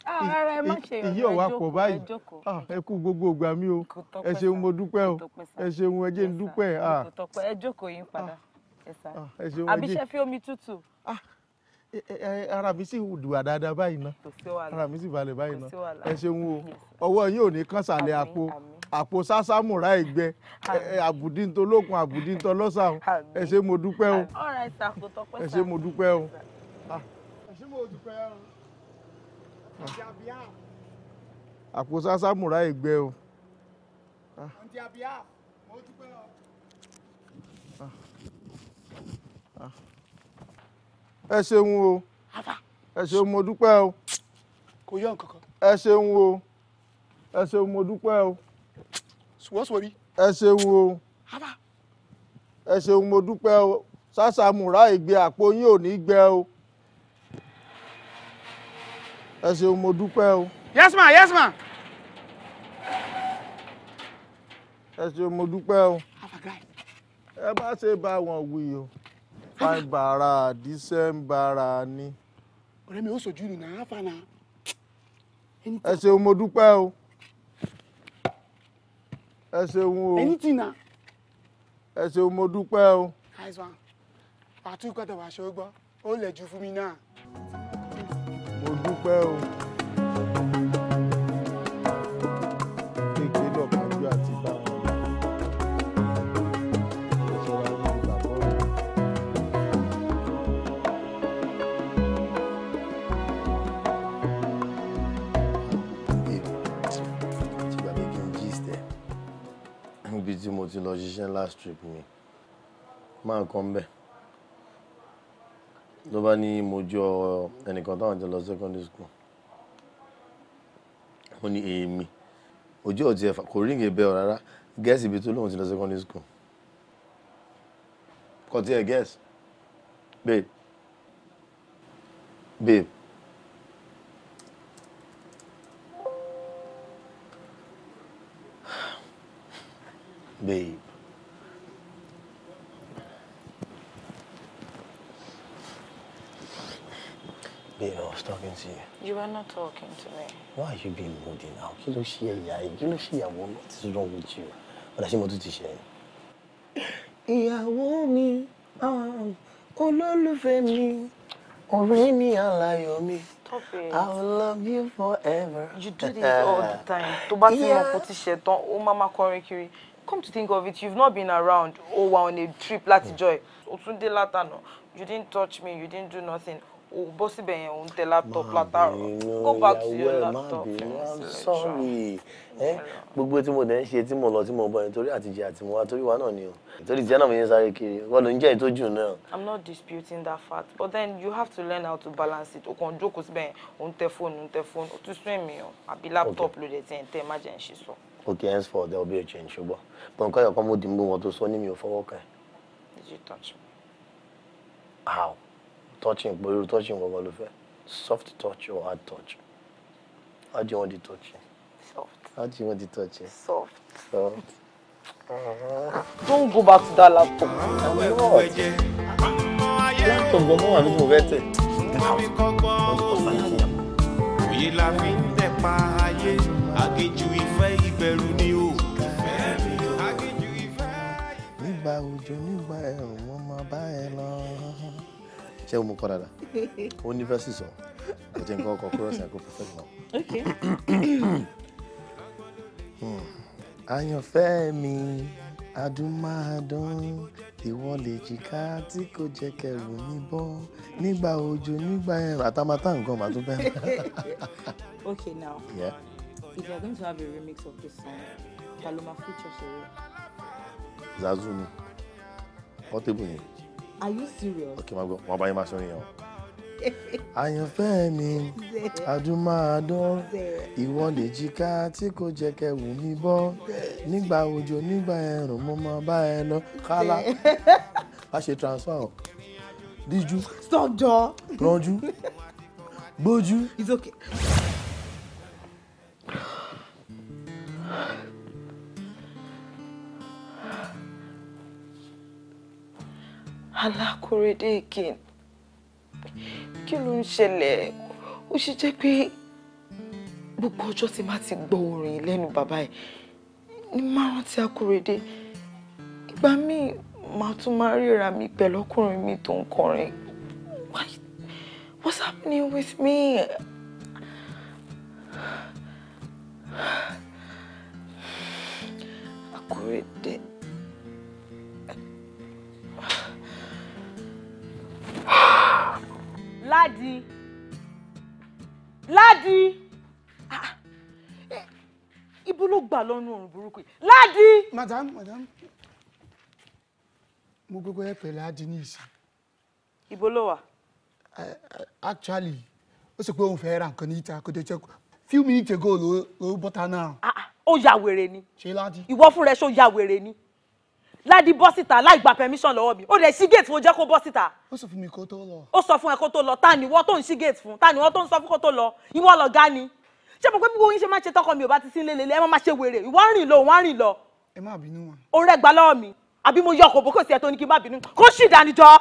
ah, ẹ má ṣe ìyí ọ̀wá pọ̀ báyìí ẹ kú gbogbo ìgbà mi o ẹ ṣeun mo dúpẹ́ o ẹ ṣeun ẹ jẹ́ n dúpẹ́. ẹ jókòó yín padà ẹ ṣeun ẹ jẹ́ àbíṣẹ́ fi omi tútù ara mi sì dùwà dáadáa báyìí ná ara mi sì balẹ̀ báyìí ná ẹ ṣeun o ọwọ́ yín ò ní kán sàlẹ̀ àpò àpò sásámùrà ìgbẹ́ àbùdíntolókun àbùdíntolọ́sà o ẹ ṣe mo dúpẹ́ o ẹ ṣe mo dúpẹ́ o. Ah. àpò sásámùrà ìgbẹ́ o. Ah ẹ ṣeun o ẹ ṣeun mo dúpẹ́ o kò yọ nǹkan kan ẹ ṣeun o ẹ ṣeun mo dúpẹ́ o sùwọ́sùwọ́rí ẹ ṣeun o ẹ ṣeun mo dúpẹ́ o sásàmùrà ìgbé àpò yín ò ní gbẹ o ẹ ṣeun mo dúpẹ́ o. yes ma yes ma. ẹ ṣeun mo dúpẹ́ o. ẹ bá ṣe bá wọn wí o fine bara decent ni. ọ̀rẹ́ mi ò sojú nù náà fana. ẹ ṣeun mo dúpẹ́ o ẹ ṣeun o ẹ ṣeun mo dúpẹ́ o. àtúkọ̀tà wàṣọ gbọ́ ó lè jù fún mi náà. mo dúpẹ́ o. ti lọ ṣiṣẹ́ last trip mi máa kọ́ ń bẹ̀ ló bá ní mo jọ ẹnìkan táwọn jọ lọ secondary school ó ní èémí ojú ọ̀tí ẹ̀fà kò rí ìgbé bẹ́ẹ̀ rárá gẹ́ẹ̀sì ibi tó lóun ti lọ secondary school kọ́ tí ẹ gẹ́ẹ̀sì babe babe babe. Babe, I was talking to you. You were not talking to me. Why are you being moody now? You don't see, ẹ̀yà ẹ̀? Kí ló ṣe ìyàwó? What is wrong with you? Ọ̀dà ṣé mo tún to ṣe ẹ̀? Ìyàwó mi, um, olólùfẹ́ mi, ọ̀rẹ́ mi, aláyọ̀ mi. Stop it. I will love you forever. You do this all the time. To bá ti mọ̀ kó ti ṣe tán, ó máa máa kọrin kiri come to think of it you've not been around Oh, wà on a trip láti hmm. joy o tún you didn't touch me you didn't do nothing Oh, bọ́ ben yẹn òun tẹ laptop látàrọ̀ go back to your laptop i'm sorry gbogbo tí mo dẹ̀ ń ṣe tí mo lọ tí mo bọ̀ yẹn torí àtijọ́ àti mo wá torí wa náà ni o torí ìjẹ́ náà mi yẹn sáré kiri wọ́n ló ń jẹ́ ìtọ́jú náà. i'm not disputing that fact but then you have to learn how to balance it o kàn jókòó síbẹ̀ yẹn òun tẹ fóònù òun tẹ fóònù o tún sún èmi o àbí laptop ló dẹ̀ tiẹ̀ tẹ má jẹ́ ń ṣe sọ okay henceforth there will be a change ṣùgbọ́n but nǹkan ẹ̀kọ́ mo dì mú wọn tó sọ ní mi ò fọwọ́ kàn. did you touch me. how touching pẹ̀lú touching gbọ́ngàn ló fẹ́ soft touch or hard touch how do you want the touching. soft. how do you want the touching. soft. soft. Uh-huh. don't go back to that laptop. laptop gan mọ́ wà nínú mo fẹ́ tẹ̀. òye la fi ń tẹ̀ pa ayé àgéjù ìfẹ́ yìí. nígbà òjò nígbà ẹ̀rùn mo máa bá ẹ lọ. ṣé o mú kọ́ dada ó ní fẹ́ sísọ kò jẹ́ nǹkan ọkọ̀ kúrọ́ọ̀sì àgọ́ perfect now. àyànfẹ́ mi adúmáadán ìwọ lè jìká tí kò jẹ́ kẹrù mi bọ́ nígbà òjò nígbà ẹ̀rùn àtàmátà nǹkan màá tó bẹ́ẹ̀. okay now yeah. if you are going to have a remix of this song Paloma feature sọ̀rọ̀ zazu ni portable yẹn. are you serious. ok máa gbọ́ wọn bá yín máa sọrin yẹn o. àyànfẹ́ mi adúmáadán ìwọ lè jìká tí kò jẹ́ kẹwù mi bọ́ nígbà òjò nígbà ẹ̀rùn mo máa bá ẹ lọ kálá a ṣe transfer o díjú sọjọ rànjú gbójú. it's okay. alákòrédé again kí ló ń ṣẹlẹ̀ ó ṣe jẹ́ pé gbogbo ọjọ́ tí má ti gbọ́ orin lẹ́nu bàbá ẹ̀ ni má rántí akóredé ìgbà míì màá tún máa ríra mi pẹ̀lú ọkùnrin mi tó ń kọrin what's happening with me. akóredé. Ladi, Ladi, ah, eh, ibo ló gbà lọ́nu òrùn burúkú yìí Ládi. madam madam mo gbogbo ẹ pẹ̀lú Ládi ní ìsìn. ibo ló wà. Eh, eh, actually ó sì pé òun fẹ́ ra nǹkan ní ìta kó tó jẹ́ few minutes ago ló bọ́ta náà. Ah, ah, ó ya wèrè ni ìwọ fúnra ẹ ṣó ya wèrè ni ládi bọ́ síta láì gba permission lọ́wọ́ mi ó dẹ̀ ṣí gate mo jẹ́ kó bọ́ síta. ó sọ fún mi kó tó lọ. ó sọ fún ẹ kó tó lọ ta ni wọ́n tó ń ṣí gate fún ta ni wọ́n tó ń sọ fún kó tó lọ ìwọ lọ̀gá ni. ṣé mo pé bí oyin ṣe máa ṣe tọkọ mi ò bá ti sí ilé lélẹ̀ ẹ má máa ṣe wèrè ìwọ ń rìn lọ òun á rìn lọ. ẹ má bínú wọn. ó rẹ̀ gbá lọ́wọ́ mi àbí mo yọ kòbókò sí ẹ tó ní kí n má bínú kó ṣì dánijọ́.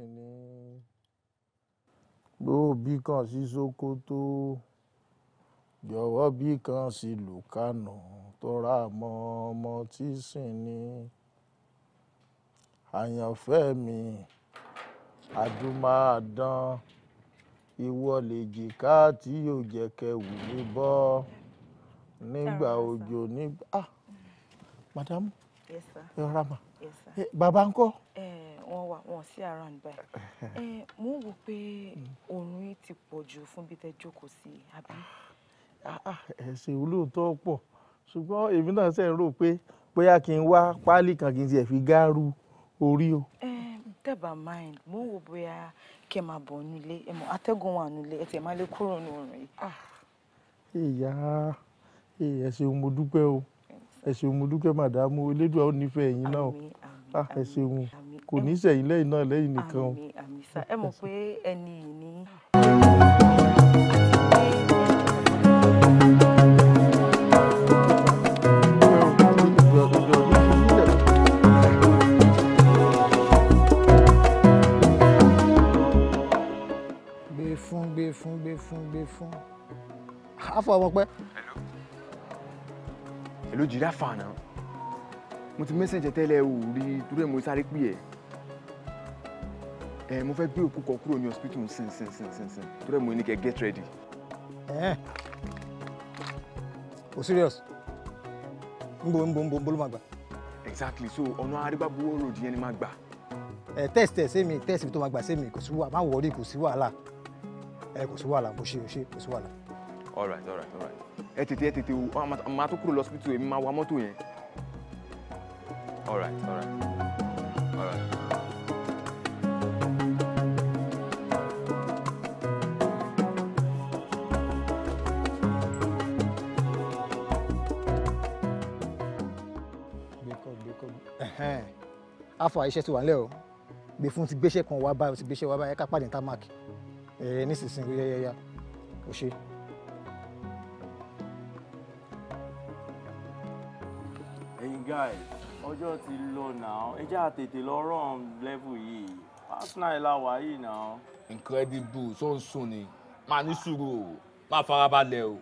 n gbòóbì kan sí sokoto jọ̀wọ́ bí kan sí lùkánò tóra mọ́ ọmọ tí sìn ni àyànfẹ́ mi àdùmáàdán ìwọ lèjìká tí yóò jẹ́ kẹwù mi bọ́ nígbà òjò nígbà. Ah, madam Yes sir. Yọra ma. Yes sir. Bàbá ńkọ́? Wọ́n wà wọ́n sí around báyìí. Mo ń wò pé mm. oorun yìí ti pọ̀ jù fún bí tẹ́ jókòó sí àbí. Ah, ah, ẹ̀sìn olóòótọ́ pọ̀ ṣùgbọ́n èmi náà ṣe ń rò pé bóyá kí n wá páálí kan kí n tiẹ̀ fi gáárù orí o. Tẹ́bà mind mo ń wò bóyá kí ẹ máa bọ̀ nílé ẹ mọ̀ atẹ́gùn wà nílé ẹ tiẹ̀ máa lè kúrò ní oorun yìí. Ah. Ìyá ẹ̀sìn mo dúpẹ́ o ẹ ṣeun mo dúpẹ́ màdámù elédùà ó nífẹ̀ẹ́ yín náà ah ẹ ṣeun kò ní sẹ́yìn lẹ́yìn náà lẹ́yìn nìkan o. ẹ mọ̀ pé ẹni yìí ní. gbé fún gbé fún gbé fún gbé fún àfọwọ́pẹ́. hello Hello Jirafa náà mo ti mẹ́sẹ̀jẹ̀ tẹ́lẹ̀ o rí torí ẹ̀ mo sáré pè ẹ̀ ẹ̀ mo fẹ́ gbé òkú kan kúrò ní hospital sin sin sin sin sin torí ẹ̀ mo ní kẹ́ get ready. ẹ o serious nbo nbo nbo nbo ló máa gbà. exactly so ọ̀nà arígbábuwọ́ road yẹn ni máa gbà. ẹ test ẹ sẹ́mi test mi tó máa gbà sẹ́mi kò sí wàhálà má wọrí kò sí wàhálà ẹ kò sí wàhálà bó ṣe ṣe kò sí wàhálà. all right all right all right ẹ tètè ẹ tètè o màá tó kúrò lọ́sibítù èmi máa wa mọ́tò yẹn. all right all right all right. afọ àìṣẹ́ ti wà nílẹ̀ o gbé fún ti gbéṣẹ́ kan wá báyìí ti gbéṣẹ́ wá báyìí ká pàdé ní tamak ẹ̀ nísinsìnyí yẹ́yẹ́yá o ṣe. ọjọ́ ti lọ náà ẹ jẹ́ àtètè lọ rán level yìí arsenal làwà yìí náà. incredible tó ń sùn ni máa ní sùúrù o máa farabalẹ̀ o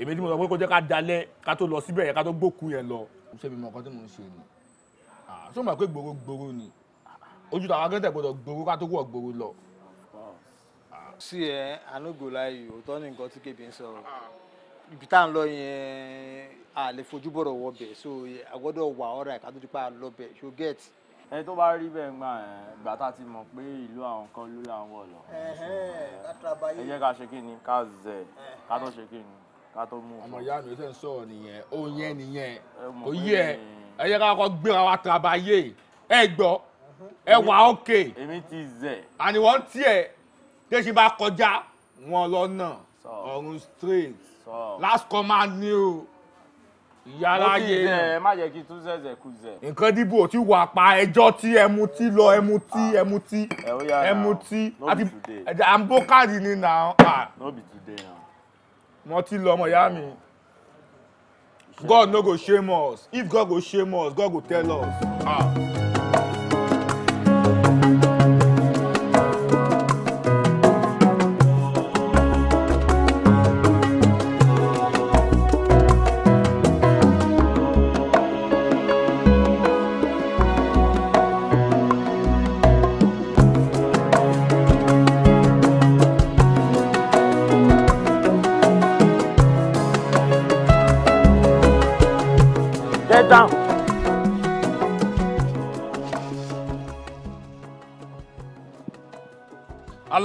èmi tí mo sọ pé kó jẹ́ ká dalẹ̀ ká tó lọ síbẹ̀ yẹn ká tó gbókù yẹn lọ. ṣé mi mọ nǹkan tí mò ń ṣe ni ṣé o mọ̀ pé gbòòrò gbòòrò ni ojú tàwọn akẹ́tẹ̀ gbọ́dọ̀ gbòòrò ká tó wọ̀ gbòòrò lọ. sí ẹ eh, i no go lie you òótọ́ ni nǹkan tí kébì ń sọ ibi tá à lọ yẹn a lè fojú bọ̀rọ̀ wọ bẹ̀ so àgọ́dọ̀ wà ọ̀rọ̀ ẹ̀ka tó ti pa lọ bẹ̀ so get. ẹ tó bá rí bẹ́ẹ̀ gbà gbà tá a ti mọ̀ pé ìlú àwọn kan ló là wọ̀ lọ. ẹ jẹ́ ká ṣe kí ni ká zẹ̀ ká tó ṣe kí ni ká tó mú. ọmọ ìyá mi ò tẹ́ ń sọ̀rọ̀ nìyẹn ó yẹn nìyẹn ó yẹ ẹ jẹ́ ká kọ́ gbéra wa tàbáyé ẹ gbọ́ ẹ wà ókè. èmi ti zẹ̀. àníwọ̀n tiẹ̀ tẹ́sí bá kọjá wọn lọ́nà ọ̀run straight last command máa ní o ìyára yé rẹ má jẹ́ kí tún ṣẹ̀ṣẹ̀ kú ṣẹ̀. nǹkan dìbò tí wà pa ẹjọ́ tí ẹmu tí lọ ẹmu tí ẹmu tí ẹmu tí àti àǹbókàdì ni nà án. Ah. no be today na. mo ti lọ ọmọ ìyá mi God no go shame us if God go shame us God go tell us. Ah.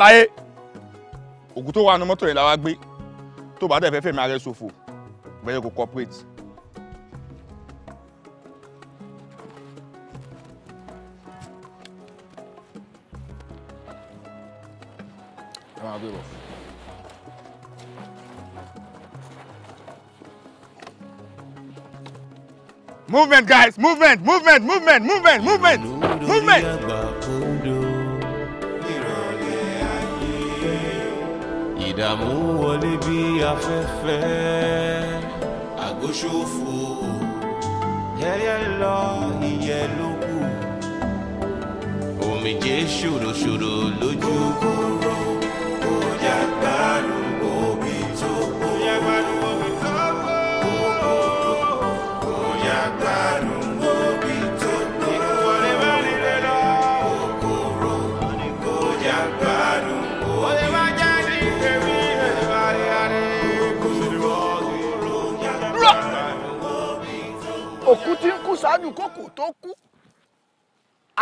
láyé òkú tó wà ní mọ́tò yẹn la gbé tó bá dẹ̀ fẹ́ fẹ̀mí ara ṣòfò bẹ́ẹ̀ kò cooperate. ẹ máa movement movement movement movement movement movement. ìdààmú wọlé bí afẹ́fẹ́ àgóṣòfò ẹyẹ lọ ìyẹn ló kù omijé ṣòroṣòro lójú kóró.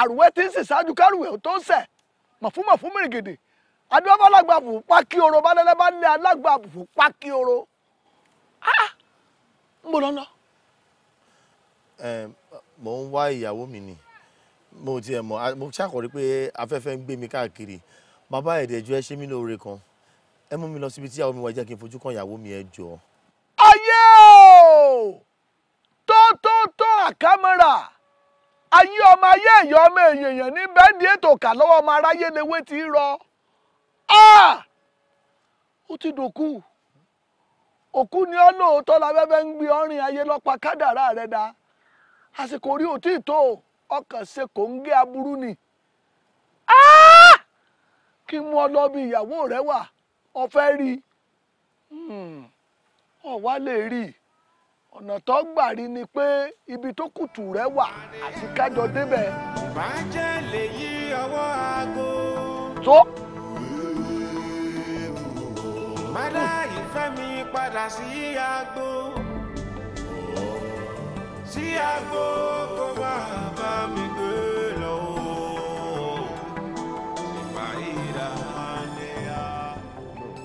àrùwẹ́ tí ń sì ṣáájú kárùwẹ́ tó ń sẹ̀ mọ̀fúnmọ̀ fún adúláfà alágbà fò pákí oro balẹ̀lẹ̀ bá lé alágbà fò pákí oro ń bọ̀ lọ́nà. mo ń wá ìyàwó mi ni mo tiẹ̀ mọ̀ mo ṣàkọ̀rí pé afẹ́fẹ́ ń gbé mi káàkiri bàbá ẹ̀dẹ̀jọ́ ẹ ṣe mí lóore kan ẹ mú mi lọ síbi tí ìyàwó mi wà jẹ́ kí n fojú kan ìyàwó mi ẹ jọ. ayé o tó tó tó àkámọ́ra. ayé ọmọ ayé èèyàn ọmọ èèyàn ní bẹ́ẹ̀ni ètò kà lọ́wọ́ ọmọ aráyé lewé ti rọ ó ti dòkú òkú ni ó lóòótọ́ lábẹ́bẹ́ ń gbé ọrìn ayé lọ́pa kádàrá rẹ̀ dá àsìkò orí òtí ìtò ọkàn ṣe kò ń gé aburú ni kí mú ọ lọ bí ìyàwó rẹ wà ọ fẹ́ rí hmm. ọ wá lè rí i. ọ̀nà tó gbà rí ni pé ibi tó kùtù rẹ wà àti kájọ débẹ̀. ìbàjẹ́ lè yí ọwọ́ aago. tó. mádà ìfẹ́ padà sí aago sí aago kó má bá mi gbé lọ o. ìbá ìlà máa ń lè ya.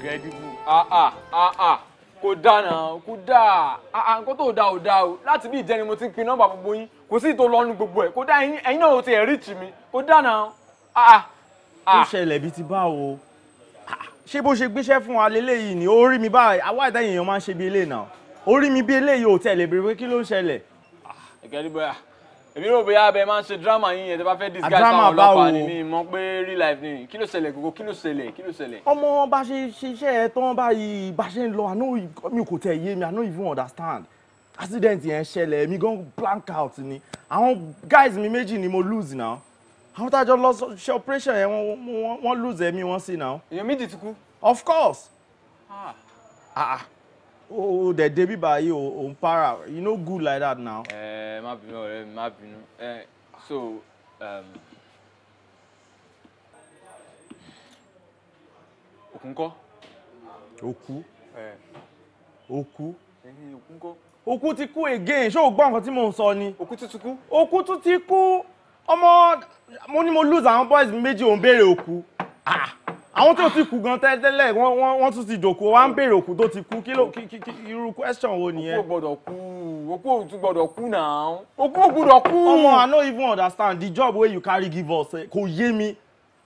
gẹ́dìbù. ah ah, ah, ah kò dáná kò dáa àǹkó tó dáa ò dáa o láti bí ìjẹni mo ti pin nọ́mbà gbogbo yín kò sí ìtò lọ́nu gbogbo ẹ̀ kò dá ẹ̀yin náà ò ti ẹ̀ ríìtì mi kò dáná. ó ṣẹlẹ̀ bíi ti báwo ṣé bó ṣe gbéṣẹ́ fún wa léléyìí ni ó rí mi báyìí àwa ìdá èèyàn máa ń ṣe bí eléyìí náà ó rí mi bí eléyìí ò tẹ̀lé bèrè pé kí ló ń ṣẹlẹ̀. ẹ̀kẹ́ ní bóyá èmi rò bóyá abẹ máa ń ṣe drama yín yẹn tó bá fẹ́ disguise àwọn ọlọ́pàá ni mi mọ̀ pé real life ni kí ló ṣẹlẹ̀ gbogbo kí ló ṣẹlẹ̀ kí ló ṣẹlẹ̀. ọmọ bá ṣe ṣiṣẹ́ ẹ tán báyìí bá ṣe ń lọ àná mi kò tẹ̀ yé mi I no even understand accident yẹn ṣẹlẹ̀ mi gan blank out ni àwọn guys mi méjì ni mo lose now àwọn tájọ lọ ṣe operation yẹn wọ́n lose ẹ̀mí wọn sí now. èèyàn méjì ti kú. of course. Ah. Ah. ah. Oh, dẹ̀ dé bíbá yìí o ò para you know, good like that now. ẹ má bínú ọ̀rẹ́ mi má bínú so. Um, okunko. Oku. òkú. Oku. òkú ńkọ́. òkú ti again Show o gbọ́ nǹkan tí mò Oku sọ ni. òkú tún ti kú. mo lose àwọn boys méjì ò ń béèrè òkú. ah àwọn tó ti kú gan tẹ́lẹ̀ wọ́n tún ti dòkú wá ń béèrè òkú tó ti kú kí ló irú question wo nìyẹn. òkú ò gbọ́dọ̀ kú òkú ò tún kú náà òkú ò kú. ọmọ i no even understand the job wey you carry give us eh, kò yé mi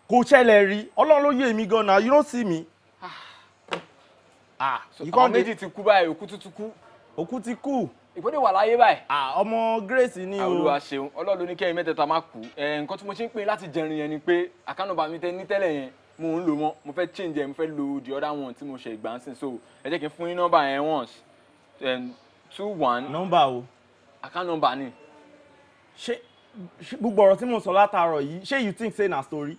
kò ṣẹlẹ̀ rí ọlọ́run ló yé mi gan na you no see me. Ah, ah, àwọn méjì ti kú báyìí òkú tún ti kú. òkú ti kú ìpínlẹ̀ wà láyé báyìí. Ah, ọmọ grace ni o. olúwa ṣeun ọlọ́run ní kẹ́hìn mẹ́tẹ̀ẹ̀ta má kú nǹkan tí mo ṣe ń pè láti jẹrin yẹn ni pé àkànnà bàmí tẹ ní tẹ́lẹ̀ yẹn mo ń lò wọn mo fẹ́ change ẹ̀ mo fẹ́ lo the other one tí mo ṣe ìgbà ń so ẹ jẹ́ kí n fún yín nọ́mbà yẹn once two one. nọ́mbà o. account number ni. ṣé gbogbo ọ̀rọ̀ tí mo sọ látàárọ̀ yìí ṣé you think say na story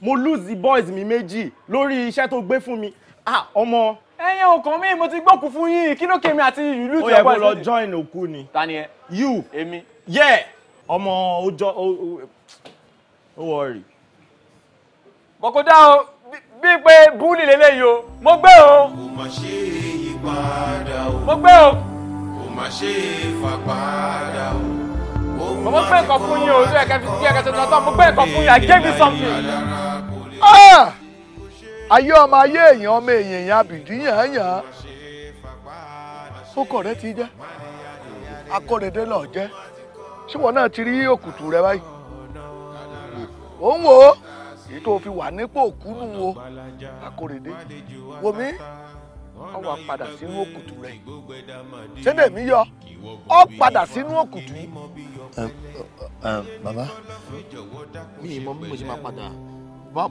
mo lose the boys mi méjì lórí iṣẹ́ tó gbé fún mi ah ọmọ. ẹyin ọkàn mi mo ti gbọ́kù fún yín kí ló kémi àti ìlú ìjọba ìlú. ó yẹ kó lọ join òkú ni. ta ni ẹ. you. èmi. yeah ọmọ ọjọ́ ó wọ̀ọ́rì bọ̀kọ̀dá o bíi pé búlì lélẹ́yìí o mo gbé o. kò mà ṣe yí padà o. mo gbé o. kò mà ṣe fà padà o. mo mọ pé nǹkan fún yín o ló yẹ fi sí tuntun tó mo pé nǹkan fún yín I gave you something. Ah! ayé ọmọ ayé èèyàn ọmọ èèyàn èèyàn àbìdí yàn yàn ó kọ̀ rẹ ti jẹ́ akọ̀rẹ̀dẹ́ lọ jẹ́ ṣé wọn náà ti rí òkùtù rẹ báyìí ó ń wò ó èyí tó fi wà nípò òkúnú wo akóredé wòmí ọ wà padà sínú òkùtù rẹ ṣẹlẹ mi yọ ọ padà sínú òkùtù yìí. bàbá mi ì mọ bí mo ṣe máa padà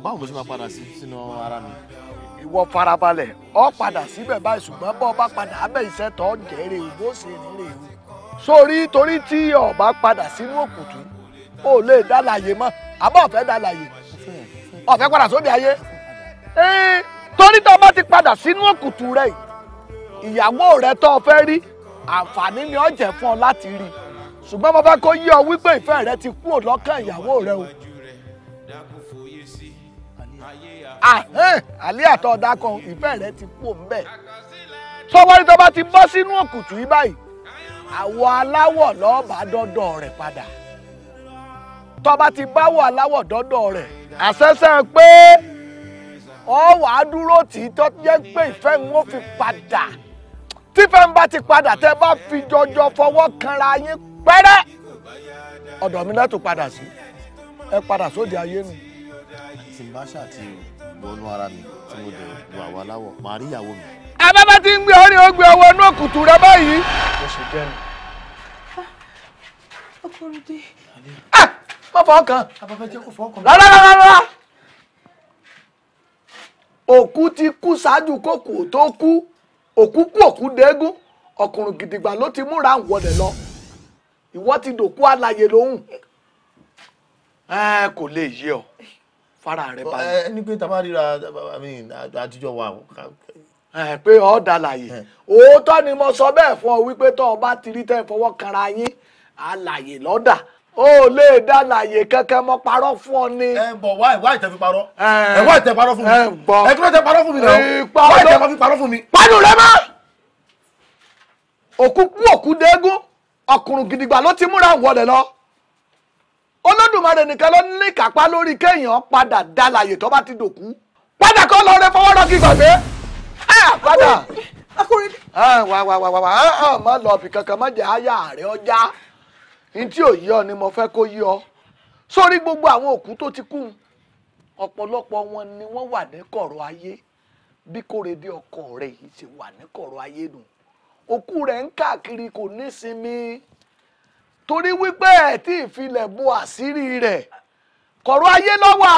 báwo mo ṣe máa padà sínú ara mi. ìwọ farabalẹ̀ ọ padà síbẹ̀ báyìí ṣùgbọ́n bọ́ ọ bá padà abẹ́ iṣẹ́ tó ń jẹ́ ṣe rè o. sórí torí tí o padà sínú òkùtù o lè dá láàyè mọ́ àbọ̀ fẹ́ dá láàyè ọ̀fẹ́ padà sóde ayé eh, torí tó bá ti padà sínú òkùtù rẹ ìyàwó rẹ tó o fẹ́ rí àǹfààní ni ó jẹ́ fún ọ láti rí ṣùgbọ́n mo fẹ́ kó yé ọ wípé ìfẹ́ rẹ ti kúrò lọ́kàn ìyàwó rẹ o. àlẹ́ àtọ̀ ọ̀dà kan ìfẹ́ rẹ ti kúrò ń bẹ̀. sọ́wọ́rí tó bá ti bọ́ sínú òkùtù yìí báyìí àwọ̀ aláwọ̀ lọ́ọ́ bá dọ́dọ̀ rẹ̀ padà tọba ti báwọ̀ aláwọ̀ dọ́dọ̀ rẹ̀ àṣẹṣẹ pé ọ wà á dúró tì í tó jẹ́ pé ìfẹ́ ń ó fi padà tífẹ́ ń bá ti padà tẹ́ bá fi jọjọ fọwọ́ kanra yín pẹ́rẹ́ ọ̀dọ̀ mi lẹ́tù padà sí ẹ padà sóde ayé mi. tí n bá ṣàti wọnú ara mi tí mo dẹ̀ lu àwọn aláwọ̀ màá rí ìyàwó mi. abẹ́bẹ́ ti ń gbé orí ogbe owó inú òkùtù rẹ báyìí. ó ṣe jẹ́ mi. ọkọ dé. Ah! má fọwọ́ kan rárá òkú ti kú ṣáájú kókò tó kú òkú kú òkú dégún ọkùnrin gidigba ló ti múra wọlé lọ ìwọ ti dòkú àlàyé lóhùn kò lè yé ọ fara rẹ balẹ̀. ẹni pé tá a bá ríra àtijọ́ wa pé ọ dàlàyé òótọ́ ni mo sọ bẹ́ẹ̀ fún ọ wípé tó o bá ti rí tẹ́ fọwọ́ kanra yín àlàyé lọ́dà o lè dá láàyè kankan mọ parọ́ fún ọ ni. ẹ bọ̀ wá ìwá ìtẹ̀ fi parọ́. ẹ wá fún mi. ẹ ẹ kúrò tẹ fún mi náà. wá fi fún mi. pálù rẹ òkú kú òkú ọkùnrin gidigba ló ti múra wọlé lọ. olódùmarè nìkan ló ní lórí kéèyàn padà dá láàyè tó bá ti kọ́ lọ rẹ fọwọ́ rọ kí gbàgbé. ẹ padà. má lọ bì kankan má àyà ọjà. ní tí ò yí ọ ni mo fẹ́ kó yí ọ sórí gbogbo àwọn òkú tó ti kú ọ̀pọ̀lọpọ̀ wọn ni wọ́n wà ní kọ̀rọ̀ ayé bí kórede ọkọ rẹ̀ yìí ṣe wà ní kọ̀rọ̀ ayé nù òkú rẹ̀ ń káàkiri kò ní sinmi torí wípé ẹ̀ tí ìfilẹ̀ bo àṣírí rẹ̀ kọ̀rọ̀ ayé lọ́wọ́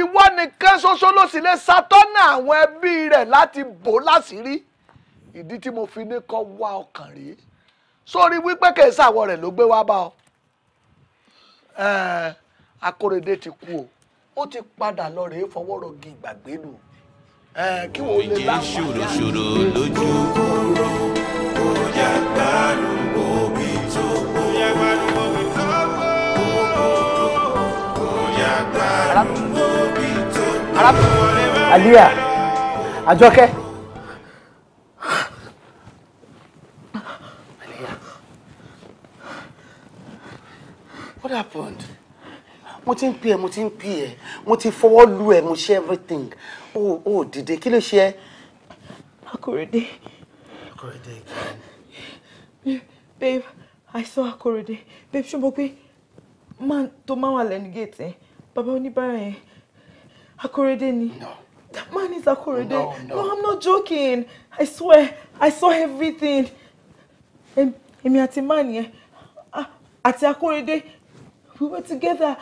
ìwọ nìkan ṣoṣo ló sì lè ṣàtọ́nà àwọn ẹbí rẹ̀ láti bò láṣìírí ìdí tí mo fi ní kọ́ wá ọkàn rèé sórí wípé kì í sàwọ̀ rẹ̀ ló gbé wá bá ọ akóredé ti kú o ó ti padà lọ rèé fọwọ́ rọgì ìgbàgbé nù kí wọ́n lè láwọn. ìjì ṣòroṣòro lójú kúrò kò yá gbádùn òbí kó yá gbádùn òbí àjọkẹ́. What happened? mo ti ń pè ẹ mo ti ń pè ẹ mo ti fọwọ́ lu ẹ mo ṣe everything o ò dìde kí ló ṣe ẹ. Akorede. Akorede again. babe I saw Akorede babe ṣé mo pé man tó máa wà lẹ́nu gate ẹ̀ bàbá oníbàárà yẹn Akorede ni. No. That man is Akorede. No, no. No, I'm not joking. I swear I saw everything. Èmi àti man yẹn àti Akorede we were together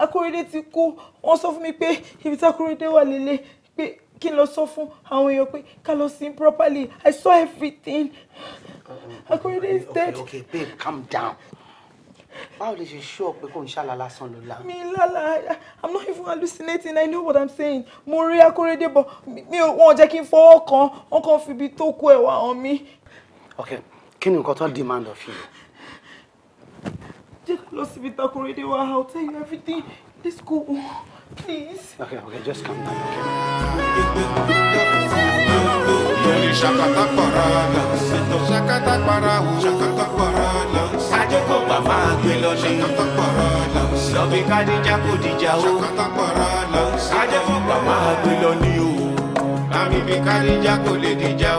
Akọ́rẹ́dé ti kú wọ́n sọ fún mi pé ibi tí Akọ́rẹ́dé wà lélẹ̀ pé kí n lọ sọ fún àwọn èèyàn pé ká lọ sin properly I saw everything mm-hmm. Akọ́rẹ́dé is dead. okay okay babe calm down báwo lè ṣe ṣú ọ pé kò ń ṣàlà lásán ló la. mi lálà i'm not even hallucinating i know what i'm saying mo rí akóredé bọ mi ò wọn jẹ́ kí n fọwọ́ kan wọn kàn fi ibi tó kú ẹ̀ hàn mí. ok kí ni nǹkan tó demand of you. Take Losibita Koredewa. I'll tell you everything. Let's go. Please. Okay, okay, just come down, okay? Shakata parada,